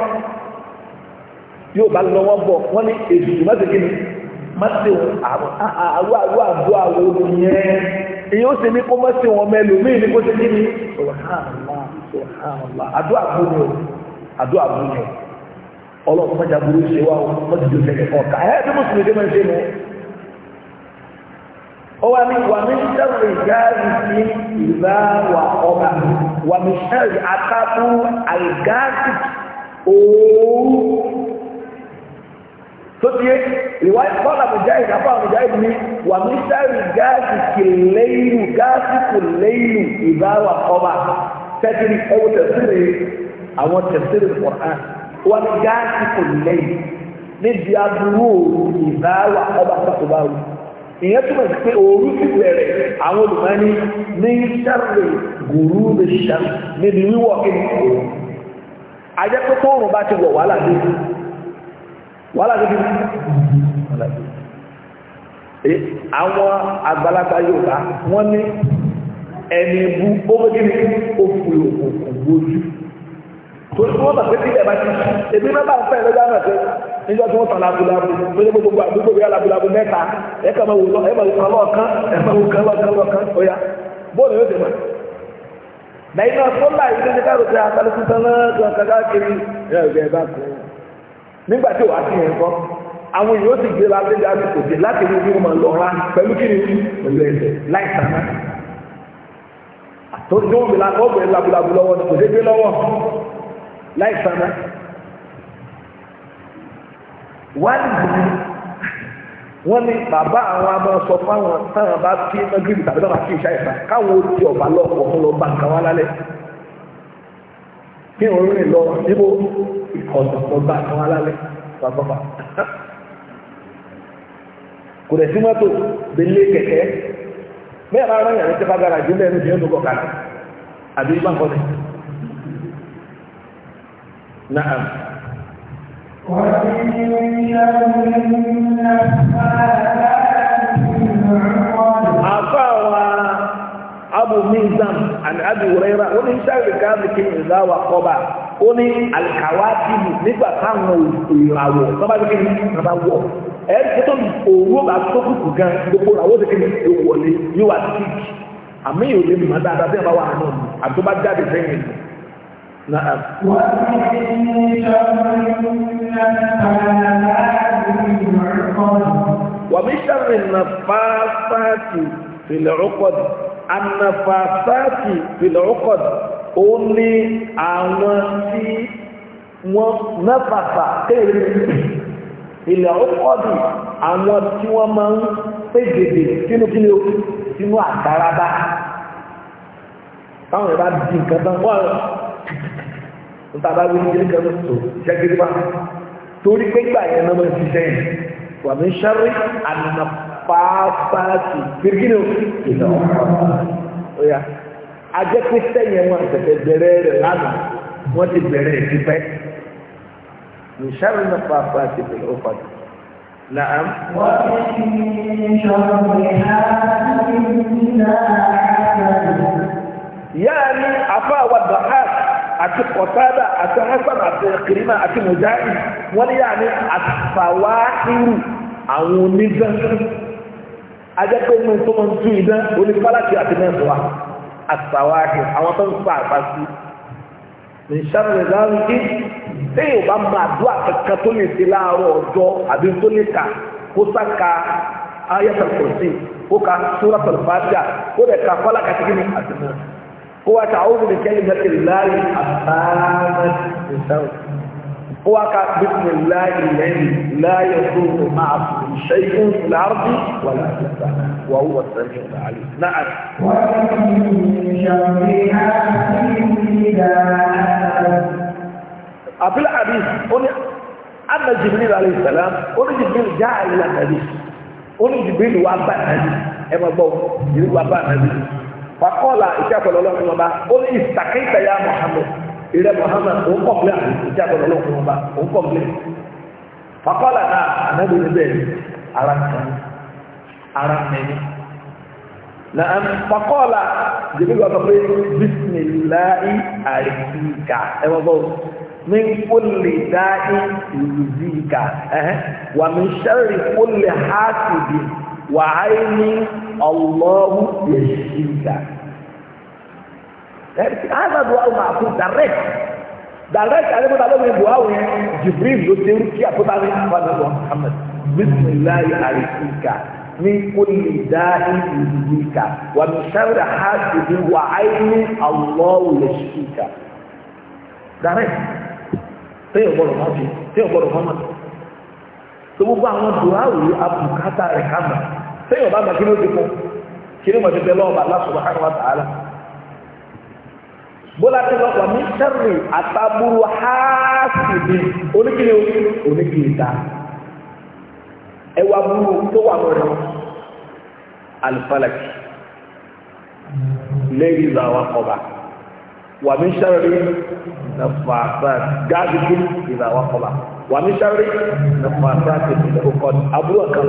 yóò bá lọ wọ́n bọ̀ wọ́n ní èsù mọ́tò kí ni mọ́tò àwọn àwọ̀ àwọ̀ àbọ̀ àwọ̀ ogun yẹn èyí ó ṣe ní kó mọ́tò wọn mẹ́lò míì ní kó ṣe kí ni àdó àbúrò àdó àbúrò ọlọ́run mọ́jà burú ṣe wá mọ́tò tó ṣẹlẹ̀ ó wá ní wàmísẹ́rì gáàrí sí ìbá wà ọba wàmísẹ́rì akábú àìgáàsì òórùn tó ti yé ìwà bọ́ọ̀lù àmìjáì nàbọ̀ àmìjáì ní wàmísẹ́rì gáàsì kì lẹ́yìn gáàsì kò lẹ́yìn ìbá wà ọba tẹ́tìrì ẹwọ tẹ̀sílẹ̀ àwọn tẹ̀sílẹ̀ kọ̀ọ̀án wàmí gáàsì kò lẹ́yìn níbi aburú ìbá wà ọba tó ìyẹn túmọ̀ sí pé òru ti bẹ̀rẹ̀ àwọn olùmọ́ni ní sẹ́rẹ̀ gùrú lè ṣe níbi wíwọ̀ kí ni òru ajẹ́ pé kóòrùn bá ti wọ̀ wàhálà dé wàhálà dé wàhálà dé àwọn àgbàlagbà Yorùbá wọ́n ní ẹni ibú ó fẹ́ kí ni torí wọ́n bàtẹ́ tí ẹ̀ bá ti ebi náà bá ń fẹ́ ẹ̀rọ dáná ṣe níjọ́ tí wọ́n sàn lábúlábú tó ní gbogbo àdúgbò bí alábúlábú mẹ́ta ẹ̀ kà máa wò lọ ẹ̀ máa wò kán lọ́ọ̀kán ẹ̀ máa wò kán lọ́ọ̀kán lọ́ọ̀kán ọ̀yà bóòlù yóò tẹ̀mọ̀. lẹ́yìn náà tó láì ní ní káàró tí a kálí fún tán náà kankan káàkiri ẹ̀ bá kú. nígbà tí wàá ti yẹn kọ́ àwọn èèyàn sì gbé lábẹ́lẹ́ àtìkòtì láti rí bí wọ́n lọ́ra pẹ̀lú kí ni pẹ̀lú ẹ̀sẹ̀ láì sàmà. àtọ́jú wọn bí lábúlábú lọ́wọ́ kò dé gbé lọ́wọ́ láì pamọ́ wọ́n wọ́n ní bàbá àwọn àmọ́ sọ fáwọn táwọn bá fi mẹ́gírì tàbí táwọn fi ìṣá ìfà káwọn ó ti ọ̀bà lọ́pọ̀ fún nǹkan wá lálẹ́ lọ níbo ìkọ̀sọ̀ lọ́ọ́ nǹkan wá lálẹ́ kò sí mọ́tò kẹ̀kẹ́ bẹ́ẹ̀ rán gara jù lẹ́nu jẹ́ àbí نعم وفي يوم عفاوى أبو ميزم عن أبي هريرة وني شاعر كان كي إذا وقبا وني الكواكب نبقى كانوا يراوي طبعا كي نبقى وو ẹ̀rí tó tó owó bá tó kùkù gan gbogbo àwọn òṣèké ní ìwọlé yóò wá sí àmì ìwòlé mọ̀ dáadáa bí wọ́n bá wà nù àtúbájáde sẹ́yìn نعم ومن شر النفاثات في العقد النفاثات في العقد ó ní àwọn tí wọ́n náfàfà tẹ́lẹ̀ ilẹ̀ ọkọ̀dù àwọn tí wọ́n máa ń pèjèdè sínú kí ni ó sínú àgbàrábá táwọn ìbá di wọ́n níta bá wíwí jẹ́ kan tó ṣẹ́gírí bá torí pé gbà yẹn náà máa ń ṣiṣẹ́ yìí wà mí sáré àná pàápàáṣì gbígbínú ìlà ọ̀hún. ajẹ́pẹ́sẹ́ yẹn wọn àtẹ̀tẹ̀ bẹ̀rẹ̀ rẹ̀ lánàá wọ́n ti bẹ̀rẹ̀ ẹ̀ tipẹ́. mí sáré àná pàápàáṣì ìlà ọ̀hún. نعم ومن شر يعني أفا والضحاك àti kọ̀tádà àti hasan àti kìrìmà àti mujahid wọ́n ní yàrá ní àfàwá irú àwọn onídán ajẹ́pẹ́ inú tó máa ń tún idán onífàlàkì àti mẹ́tọ́ wa àfàwá irú àwọn tó ń fa àpá sí nìṣàmì ìdáhùnkì téyì ò bá máa dúà kankan tó lè ṣe láàárọ̀ ọjọ́ àbí tó lè kà kó sáka ayatul kursi kó ka suratul fatiha kó lè ka fàlàkì àti kìnnìkan àti mẹ́tọ́. هو تعوذ بكلمة الله أبدا من هو بسم الله الذي لا يكون معه شيء في الأرض ولا في السماء وهو السميع العليم نعم أبي الحديث أما جبريل عليه السلام قل جبريل جاء إلى النبي قل جبريل وأبا النبي أما إيه بو جبريل وأبا النبي fakọ́lá ìṣe àpọ̀lọ́lọ́ fún ọba ó ní ìsàkéyìtà ya Muhammad ìrẹ Muhammad ó ń kọ̀pìlẹ̀ àti ìṣe àpọ̀lọ́lọ́ fún ọba ó ń kọ̀pìlẹ̀ fakọ́lá náà anábì ah, ní bẹ́ẹ̀ ara kan ara mẹ́ni na fakọ́lá jẹ́bílú ọ̀sán pé bisimilahi àríkíkà ẹ wọ́n bọ́ min kulli da'i yuzika wa min sharri kulli hasidin wàhálì ní ọlọ́run yẹ̀ṣìgà. Ẹ́nìkan dùn àwọn máa fún direct direct alẹ́kọ̀tà ló ń bu àwọn yẹn Jibril ló ṣe ń kí àkótá ní àfàdàbọ̀ Muhammad bisimilayi àríkìkà ní kúlì dáhì ìdíkà wà ní sáré àhásìdì wà áyíní ọlọ́run yẹ̀ṣìgà. direct téèyàn gbọ́dọ̀ máa fi téèyàn gbọ́dọ̀ máa mọ̀ tó gbogbo àwọn dùn àwọn àbùkátà rẹ̀ mọ̀ sẹ́yìn ọba àgbà kí ló ti fún kí ló mọ̀ ti bẹ lọ́ọ̀bà lásùnmọ́ hàn wá tààlà bóla tí wọ́n wà ní sẹ́rì àtàbúrò háàsìdì oníkìlẹ̀ oníkìlẹ̀ ta ẹwà burú tó wà lọ́rẹ̀ alifalaki lẹ́yìn ìlú àwọn ọba wà ní sẹ́rì nàfààfà gáàsì ìlú àwọn ọba wà ní sẹ́rì nàfààfà ìlú ọkọ̀ àbúrò kan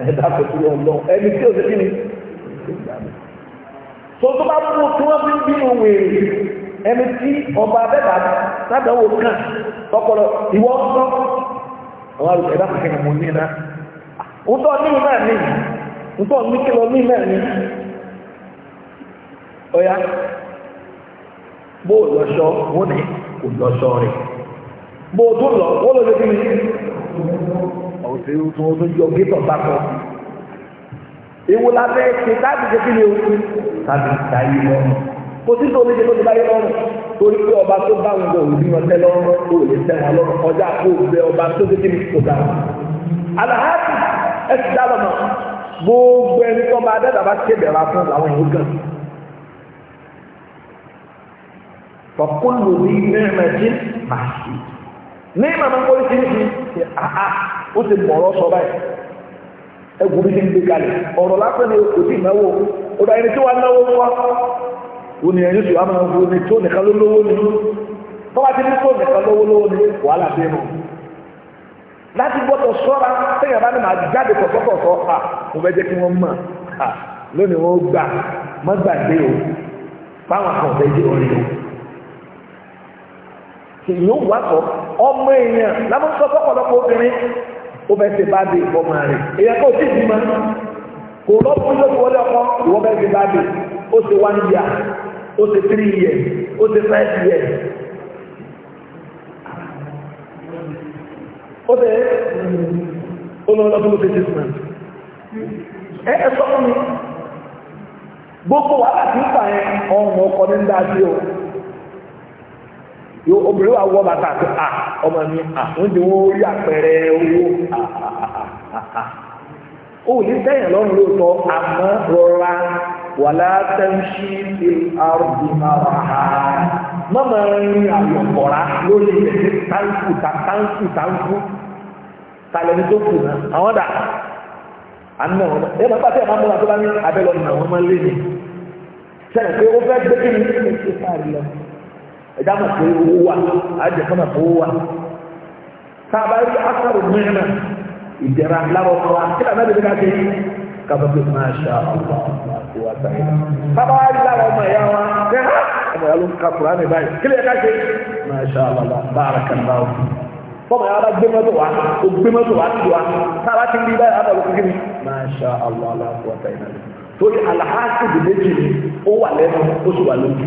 ẹ̀dá kò ẹni tí o ti kí ni tó tó bá mú tí wọ́n fi ń bínú wèrè ẹni tí ọba abẹ́bà sábẹ́wò kàn tọpọlọ ìwọ sọ àrùn ní ẹ̀dá ní náà ní ní kílọ̀ ní náà ní ọ̀yá wọ́n ní kò lọ́ṣọ́ rẹ̀ ọ̀sẹ̀ tó tó yọ gétọ̀ bá kọ́. Ewu la ṣe láti ṣe kí ni o? Tàbí ta yí lọ́rùn. Kò sí tòun léṣe tó ti bá yé lọ́rùn. Torí pé ọba tó bá ń gbọ́ òbí wọn tẹ́ lọ́rùn, ó lè tẹ́ wọn lọ́rùn. Ọjà kó bẹ ọba tó ṣe kí ni kò dà. Àlàáfíà ẹ ti dá lọ́nà. Gbogbo ẹni tó bá dẹ́dà bá ṣe bẹ̀rẹ̀ fún làwọn èèyàn gàn. Fọ̀kúlù ní mẹ́rin mẹ́rin máa ṣe. Ní ìmọ̀ ó ti mọ̀rọ̀ sọ báyìí ẹgbùn bíi gbé kalẹ̀ ọ̀rọ̀ lápẹ́ ni kò sí ìnáwó ó dá ẹni tí wàá náwó wá ẹni tó ni tó nìkan ló lówó ni ti ní tó nìkan lówó lówó ni wàhálà láti gbọ́dọ̀ sọ́ra sẹ́yìn jáde kọ̀kọ́kọ̀kọ́ à mo fẹ́ jẹ́ kí wọ́n mọ̀ à lónìí wọ́n gbà má o báwọn kan fẹ́ jẹ́ orin o èyí ó sọ ọmọ èèyàn obìnrin ó fẹ́ ṣe báàbí ọmọ rẹ̀ èyàn kò tí ì bímọ kò lọ́kùnrin ló ti wọlé ọkọ ìwọ fẹ́ ṣe báàbí ó ṣe one year ó ṣe three years ó ṣe five years ó ṣe olóòlọ́dún ló ṣe six months ẹ ẹ sọ fún mi gbogbo wàhálà tí ń fà yẹn ọrùn ọkọ ní ń dá sí o. Yo obìnrin wa wọ bàtà àti à ọmọ mi à ń di wọn rí àpẹẹrẹ owó ó ní sẹ́yìn lọ́rùn lóòótọ́ àmọ́ rọra wàlá tẹ́ǹsì ti àrùbí ara ha mọ́mọ́ rin àyọ̀kọ̀ra lórí ẹ̀sìn táǹkù táǹkù táǹkù tàlẹ́ni tó kù náà àwọn dà àná wọn ẹ máa pàṣẹ àmọ́ àmúra tó bá ní abẹ́lọ́ọ̀nù àwọn ọmọ lé ní pé ó fẹ́ gbé kí ni kí ni kí ni káàrí ẹ̀dá mọ̀ pé owó wà àjẹ́ kọ́mọ̀ pé owó wà tá a bá rí akárò mìíràn ìdẹ̀ra lábọ̀ fún wa kí lànà bèbè ká dé kábọ̀ pé máa ṣá ọ̀pọ̀ àti wà sáyé bàbá wa rí lára ọmọ ìyá wa ṣe há ọmọ ìyá ló ń ka kura ní báyìí kí lè ká dé máa ṣá ọ̀pọ̀ bára kan bá wà fọmọ yàrá gbé wa o gbé wa ti wa tá a bá ti báyìí àbàlù kékeré máa ṣá ọ̀pọ̀ àti wà sáyé torí alahasi dèbè jìnnì ó wà lẹ́nu ó sì wà lójú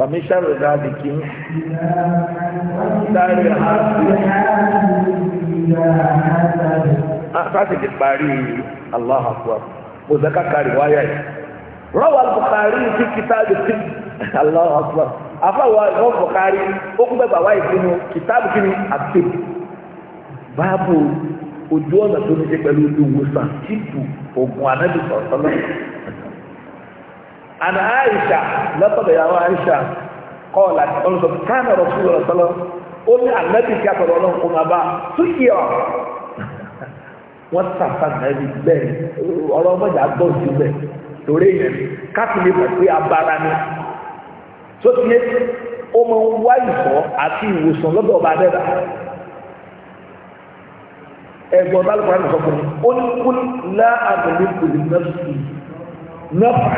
فمشر ذلك دار أساسك الباري الله أكبر وذكر رواية روى البخاري في كتاب الطب الله أكبر أفوى البخاري أقبل بوايد منه كتاب كني الطب باب ojú ọ̀nà tó ní ṣe pẹ̀lú ìwòsàn títù oògùn anábìsọ̀ ọ̀sán náà àná Aisha, lọ́sọ̀dọ̀ ìyàwó àìsà kọ́ọ̀lá ọ̀nùsọ̀ káàmì ọ̀rọ̀ fún ọ̀rọ̀ sọ́lọ́ ó ní ànábì kí àtọ̀rọ̀ ọlọ́run kò máa bá tún yí ọ̀ wọ́n sàfà nàbì bẹ́ẹ̀ ọ̀rọ̀ ọmọdé àgbọ̀ òjú bẹ́ẹ̀ torí yẹn káfíńlẹ̀ mọ̀ pé abara ni tó ti yẹ ó máa ń wá ìfọ́ àti ìwòsàn lọ́dọ̀ ọba adẹ́dà ẹ̀gbọ́n bá lọ́kọ̀ọ́ nọ́fà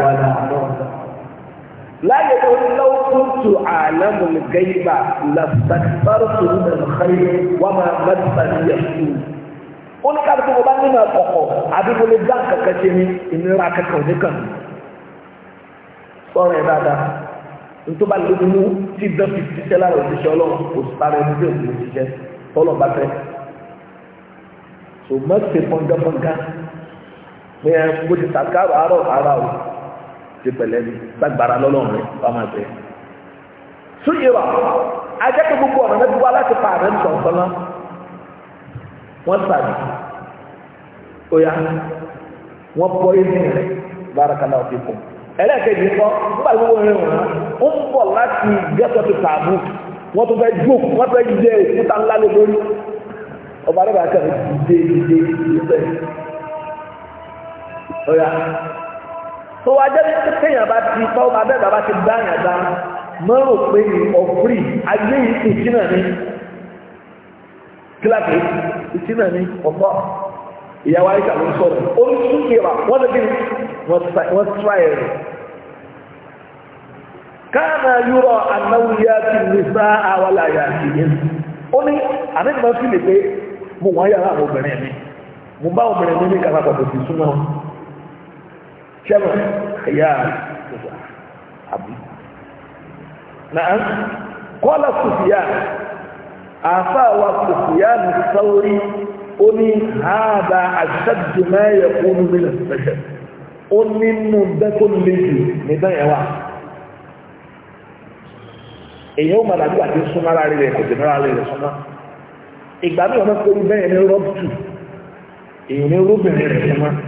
wà láàárọ̀. láyé tó ń lọ́wọ́ kúntù àlámù gẹ́gbà làbàtàrùtù nínú ìkàyè wà máa mẹ́ta níyà sí i. ó ní káàdì tó o bá nínú ọkọ̀ àbí mo lè dá kankan ṣe ní ìnira kankan oníkan. sọ̀rọ̀ ẹ̀ dáadáa ntoba lóni mú tí bẹ́ẹ̀ fi ṣiṣẹ́ lára òṣìṣẹ́ ọlọ́run kò sí para ẹni tí òṣìṣẹ́ tọ́lọ̀ bá fẹ́. sọ ma ṣe pọ́ngàpọ́ngà pé ẹ bó ti sàká àárọ̀ ara o ti pẹ̀lẹ́ ni gbàgbára lọ́lọ́run rẹ̀ wà máa bẹ̀. súyìrọ̀ ajẹ́pẹ́ gbogbo ọ̀nà mẹ́tí wá láti pa àrẹ sọ̀tọ́lá wọ́n sàdì óyá wọ́n bọ́ ìsìn rẹ̀ bárakàlá òfin fún ẹlẹ́ẹ̀kejì kọ́ nígbà tí wọ́n rẹ̀ wọ́n ó ń bọ̀ láti gẹ́tọ̀ ti tààbù wọ́n tún fẹ́ jó wọ́n fẹ́ jẹ́ òkúta ńlá lórí ọba ọ̀yà tó wá jẹ́ kéèyàn bá ti tọ́ bá bẹ́ẹ̀ bá ti gbá yàn dá mọ́rò pé ní ọ̀fúrì ayé ìtìjìnà ni kíláàsì ìtìjìnà ni ọ̀pọ̀ ìyàwó ayé kàló ń sọ̀rọ̀ ó ń sún ìyàwó wọ́n ti bí wọ́n tíra ẹ̀ rẹ̀ káàmà yúrọ̀ anáwó yá ti lè sá àwàlà yà sí yẹn ó ní àdéhùn máa ń fi lè pé mo wọ́n yàrá àwọn obìnrin mi mo bá obìnrin mi ní kàkàkọ̀ tó ti súnmọ́ ṣẹ́mọ̀ ẹ̀yà àbí. Nàá kọ́lá sùfìyà àfa wa sùfìyà ní sáwórí ó ní hàdà àṣàjù náà yẹ kó ní mílẹ̀ ṣẹṣẹ. Ó ní nù dẹ́kọ̀ léjì ní dáyẹ̀ wá. Èyí ó màdà bí àti súnmọ́ ara rẹ̀ kò jẹ̀mọ́ ara rẹ̀ súnmọ́. Ìgbà mi ò náà kó bẹ́ẹ̀ ní rọ́bùtù. Èyí ní rúbìnrin rẹ̀ súnmọ́.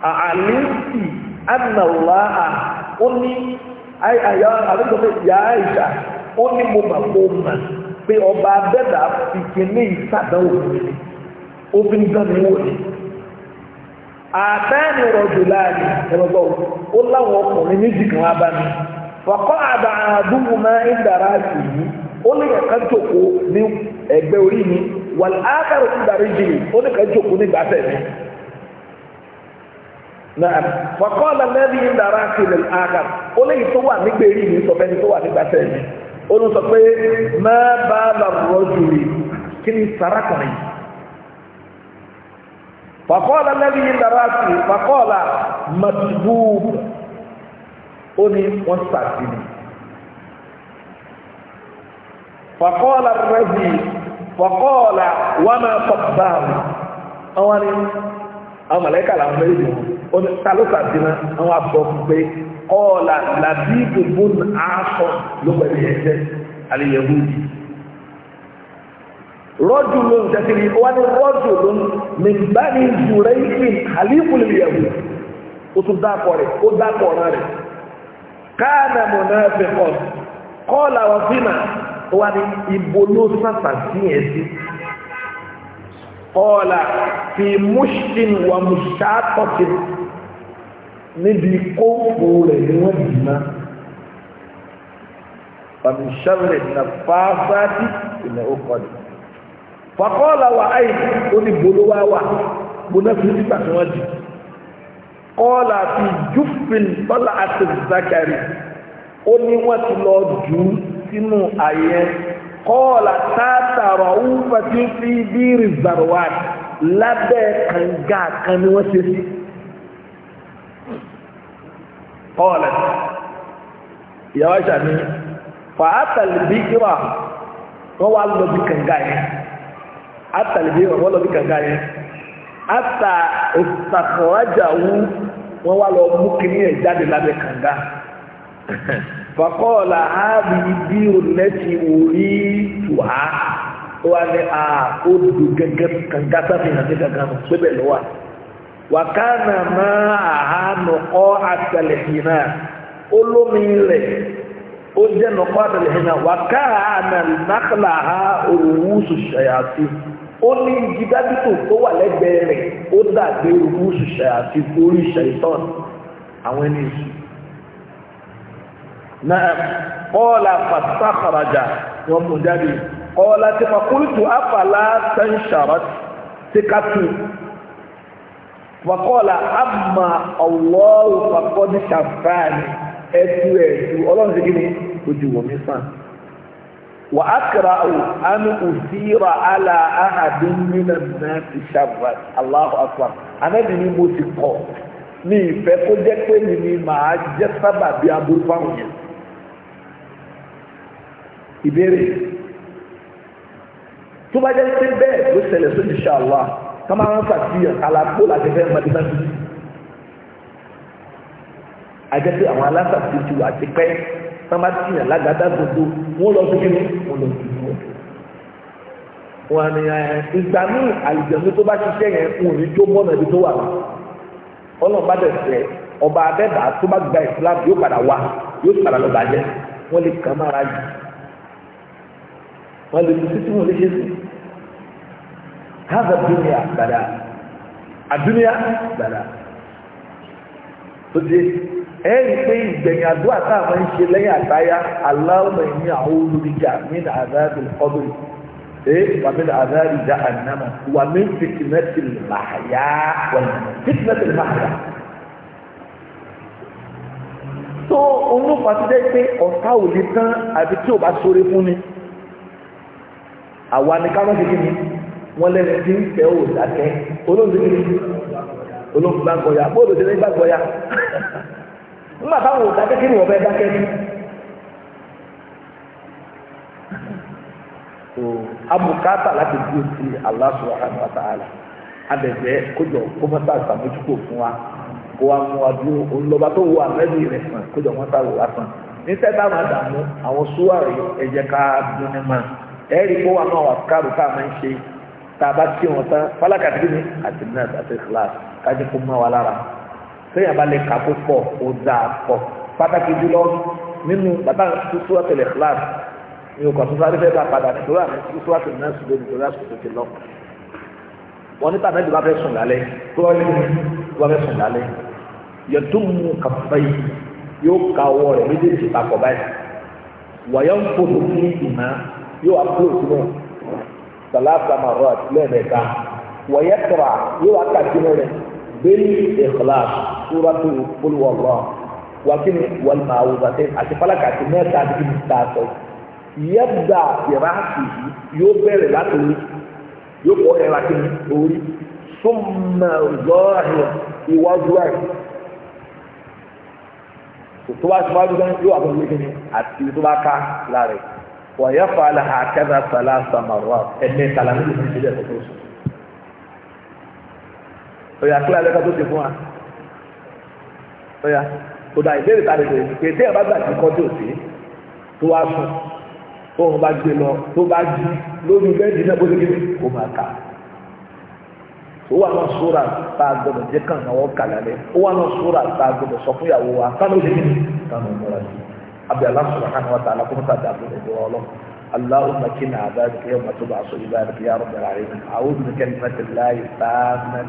A ànàláà ó ní àyà àbẹ́sọ̀fẹ́ ìyá àìsà ó ní mo mà mo mà pé ọba abẹ́dà fi kíní ìsàdánwò mi obìnrin gan ni ni àtẹ́ni rọ̀jò láàrin ẹ̀rọ̀gbọ́ ó láwọn ọkùnrin méjì kan wá bá mi fọ̀kọ́ àbà àdúgbò máa ń dára sí i ó ní ẹ̀ka jòkó ní ẹgbẹ́ náà wàkọ́ọ̀lá lẹ́bi ń dara kìlẹ̀ àgà ó lè tó wà nígbèrè mi sọ fẹ́ni tó wà nígbà sẹ́yìn ó ló sọ pé má bá lọ́rọ̀ jùlẹ̀ kí ni sàrákùnrin wàkọ́ọ̀lá lẹ́bi ń dara kìlẹ̀ wàkọ́ọ̀lá màtìbúù ó ní wọ́n sàtìlì wàkọ́ọ̀lá rẹ́bi wàkọ́ọ̀lá wàmà sọ̀bàmù àwọn ni àwọn mọ̀lẹ́kà làwọn méjì wọn onítalóta dìnnà àwọn abọ́ pé ọ̀la làbí gbogbo àásọ ló pẹ̀lú yẹn jẹ́ àlèyẹ̀wò yìí. rọ́jù ló ń jẹ́kiri wọ́n ní rọ́jù ló ń nígbà ní ìdúró ìpín àlíkùlù yẹ̀wò ó tún dákọ̀ rẹ̀ ó dákọ̀ ọ̀nà rẹ̀ káàdà mọ̀ náà fẹ́ kọ́ kọ́ọ̀là wọn fínà wọ́n ní ibo ló sàṣà sí yẹn sí kọ́ọ̀là fi níbi kóńpó rẹ̀ ni wọ́n dì má pàmìṣẹ́rẹ̀ nà fáfáàdì ìnà òkọ̀dì fàkọ́ọ̀lá wà áyì ó ní bolówá wà gbóná fi nígbà tí wọ́n dì kọ́ọ̀lá fi júfin lọ́la àti zakari ó ní wọ́n ti lọ jù ú sínú àyẹ kọ́ọ̀lá tààtàrọ̀ òun fàtí fi bí rìzàrọ̀wá lábẹ́ kànga kan ni wọ́n ṣe sí kọ́ọ̀lẹ̀ ìyàwó àṣà ni fàátàlìbí ìwà wọ́n wá lọ bí kànga yẹn àtàlìbí ìwà wọ́n lọ bí kànga yẹn àtà ìsàkọ̀rájà wú wọ́n wá lọ mú kíní ẹ̀ jáde lábẹ́ kànga fàkọ́ọ̀lá ábí bí òlẹ́tì orí tùhá wàkánà máa àhánù kọ́ àtàlẹ́hìnà olómi rẹ̀ ó jẹ́ nùkọ́ àtàlẹ́hìnà wàkánà nàkàlà ha òwúsù ṣàyàtì ó ní jídábìtò tó wà lẹ́gbẹ̀ẹ́ rẹ̀ ó dàgbé òwúsù ṣàyàtì orí ṣàìtàn àwọn ẹni ìṣù. náà kọ́ọ̀lá fàtàkàràjà wọn mú jáde kọ́ọ̀lá tí ma wàkọ́ọ̀lá àmà ọ̀wọ́ọ̀rù pàkọ́dí ṣàfáàní ẹtú ẹtú ọlọ́run ṣe kíni ojú wà á kàrà ó àmì òsìrà àlà àhàdé na náà ti ṣàfà Allahu akbar anábì ni mo ti kọ n'ife pé mi ni màá jẹ́ sábà bí aburú fáwọn yẹn. ìbéèrè tó bá kama a ṣàfihàn àlàfo láti fẹ́ mọ́tìmọ́tì àjẹpẹ́ àwọn alásàtútù àti pẹ́ sábà tìyàn lágàdá gbogbo wọn lọ sí kíni wọn lọ sí ìlú ọ̀dọ́ wọn ni ìgbà míì àlùjẹ̀mí tó bá ṣiṣẹ́ yẹn wọn ò ní jó mọ́nà ibi tó wà wá ọlọ́ọ̀bá dẹ̀ fẹ́ ọba abẹ́bà tó bá gba ìsìlámù yóò padà wá yóò padà lọ bàjẹ́ wọ́n lè kàn mára yìí wọ́n lè fi títí wọn lè ṣe sí هذا الدنيا بلاء الدنيا بلاء tòtí ẹ̀rí pé ìgbẹ̀yìn àdúrà táwọn ń ṣe lẹ́yìn àgbáyá aláwọ̀ ẹ̀mí àwọn olùdíjà nínú àdáàbò ọdún ee wàmínú àdáàbò ìjà ànàmà wàmínú fìtìmẹ́tì làyà wàmínú fìtìmẹ́tì làyà. tó onú pàṣẹ pé ọ̀tá ò lè tán àbí tí ò bá sóre fún ni àwa ni ká má ṣe kí ni wọ́n lẹ́nu tí ń tẹ́ ò dákẹ́ olóńgbé olóńgbàgbọ́yà bóòlù tí ń gbàgbọ́yà nígbà táwọn ò dákẹ́ kí ni wọ́n fẹ́ dákẹ́ sí. abùkátà láti dúró sí Allah subhanahu wa ta'ala abẹ̀bẹ̀ kójọ kó má sá àgbàmójúkò fún wa kó wa mú wa dúró olùlọ́ba tó wo àmẹ́bí rẹ̀ sàn kójọ wọn sá wò wá sàn ní sẹ́tà máa dààmú àwọn súwárì ẹ̀jẹ̀ ká dúnni máa ẹ̀rí kó wa máa wà kárù ká máa ń ṣe tàbá tí wọn tán fálákàtí ni àti nurse àti class kájí kó mọ́ wa lára sẹ́yìn abalẹ̀ kakó pọ̀ ó dáa pọ̀ pàtàkì jùlọ nínú bàtà tuntun àtẹlẹ class ní o kò tó sáré fẹ́ bá padà nítorí àmì tuntun àtẹlẹ nurse lónìí nítorí àsìkò ti lọ wọn níta náà ìdìbò afẹ́ sùn lálẹ́ tó wọ́n nínú ìdìbò afẹ́ sùn lálẹ́ yẹtù mú kàfẹ́ yìí yóò ka ọwọ́ rẹ̀ méjèèjì papọ̀ báyìí wàyà ń fò lókè ìmọ̀ yóò àpò òkú náà salasa marot lẹ́ẹ̀mẹ́ta wọ̀nyẹ́ kura yóò wá kàdínú rẹ̀ bẹ́ẹ̀ni ìkìlás súratu olùwọ̀lọ́ wàkínni wàlùmọ̀ àwùjọ́tẹ́ àti pálákàtì mẹ́ta àti kìnnì tá a sọ yẹ́bùdà ìráàsì yóò bẹ̀rẹ̀ láti orí yóò kọ́ ẹ̀ láti orí súnmọ̀ zọ́ọ̀hìn ìwájú ẹ̀ tó bá tó bá dúró yóò wà fún mi kìnnì àti tó bá ká lára ẹ̀ wàyà fàlà hàkẹ́dà sàlá sàmàrà ẹ̀mẹ́ kàlà ní ìlú ìṣẹ̀lẹ̀ tó tó sùn. ọ̀yà kílà lẹ́ka tó ti fún wa ọ̀yà kódà ìbéèrè ta lè bèrè pé tí ẹ bá gbà tí kọ́jú òsì tó wá sùn tó wọn bá gbé lọ tó bá jí lórí bẹ́ẹ̀dì náà bó ṣe kéde kó máa kà ó wà náà sóra tá a gbọdọ̀ jẹ́ kàn náà wọ́n kà lálẹ́ ó wà náà sóra tá a gbọdọ̀ sọ fún ìyàwó wa kánú ṣe kéde kánú mọ́ra sí i. عبد الله سبحانه وتعالى ta'ala kó mọ́tà اللهم كنا عبادك يوم تبعث عبادك يا رب العالمين أعوذ بكلمة الله التامة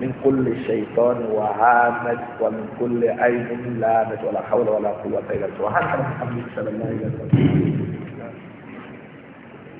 من كل شيطان وهامة ومن كل عين لامة ولا حول ولا قوة إلا بالله سبحانك اللهم وبحمدك أشهد أن لا إله إلا أنت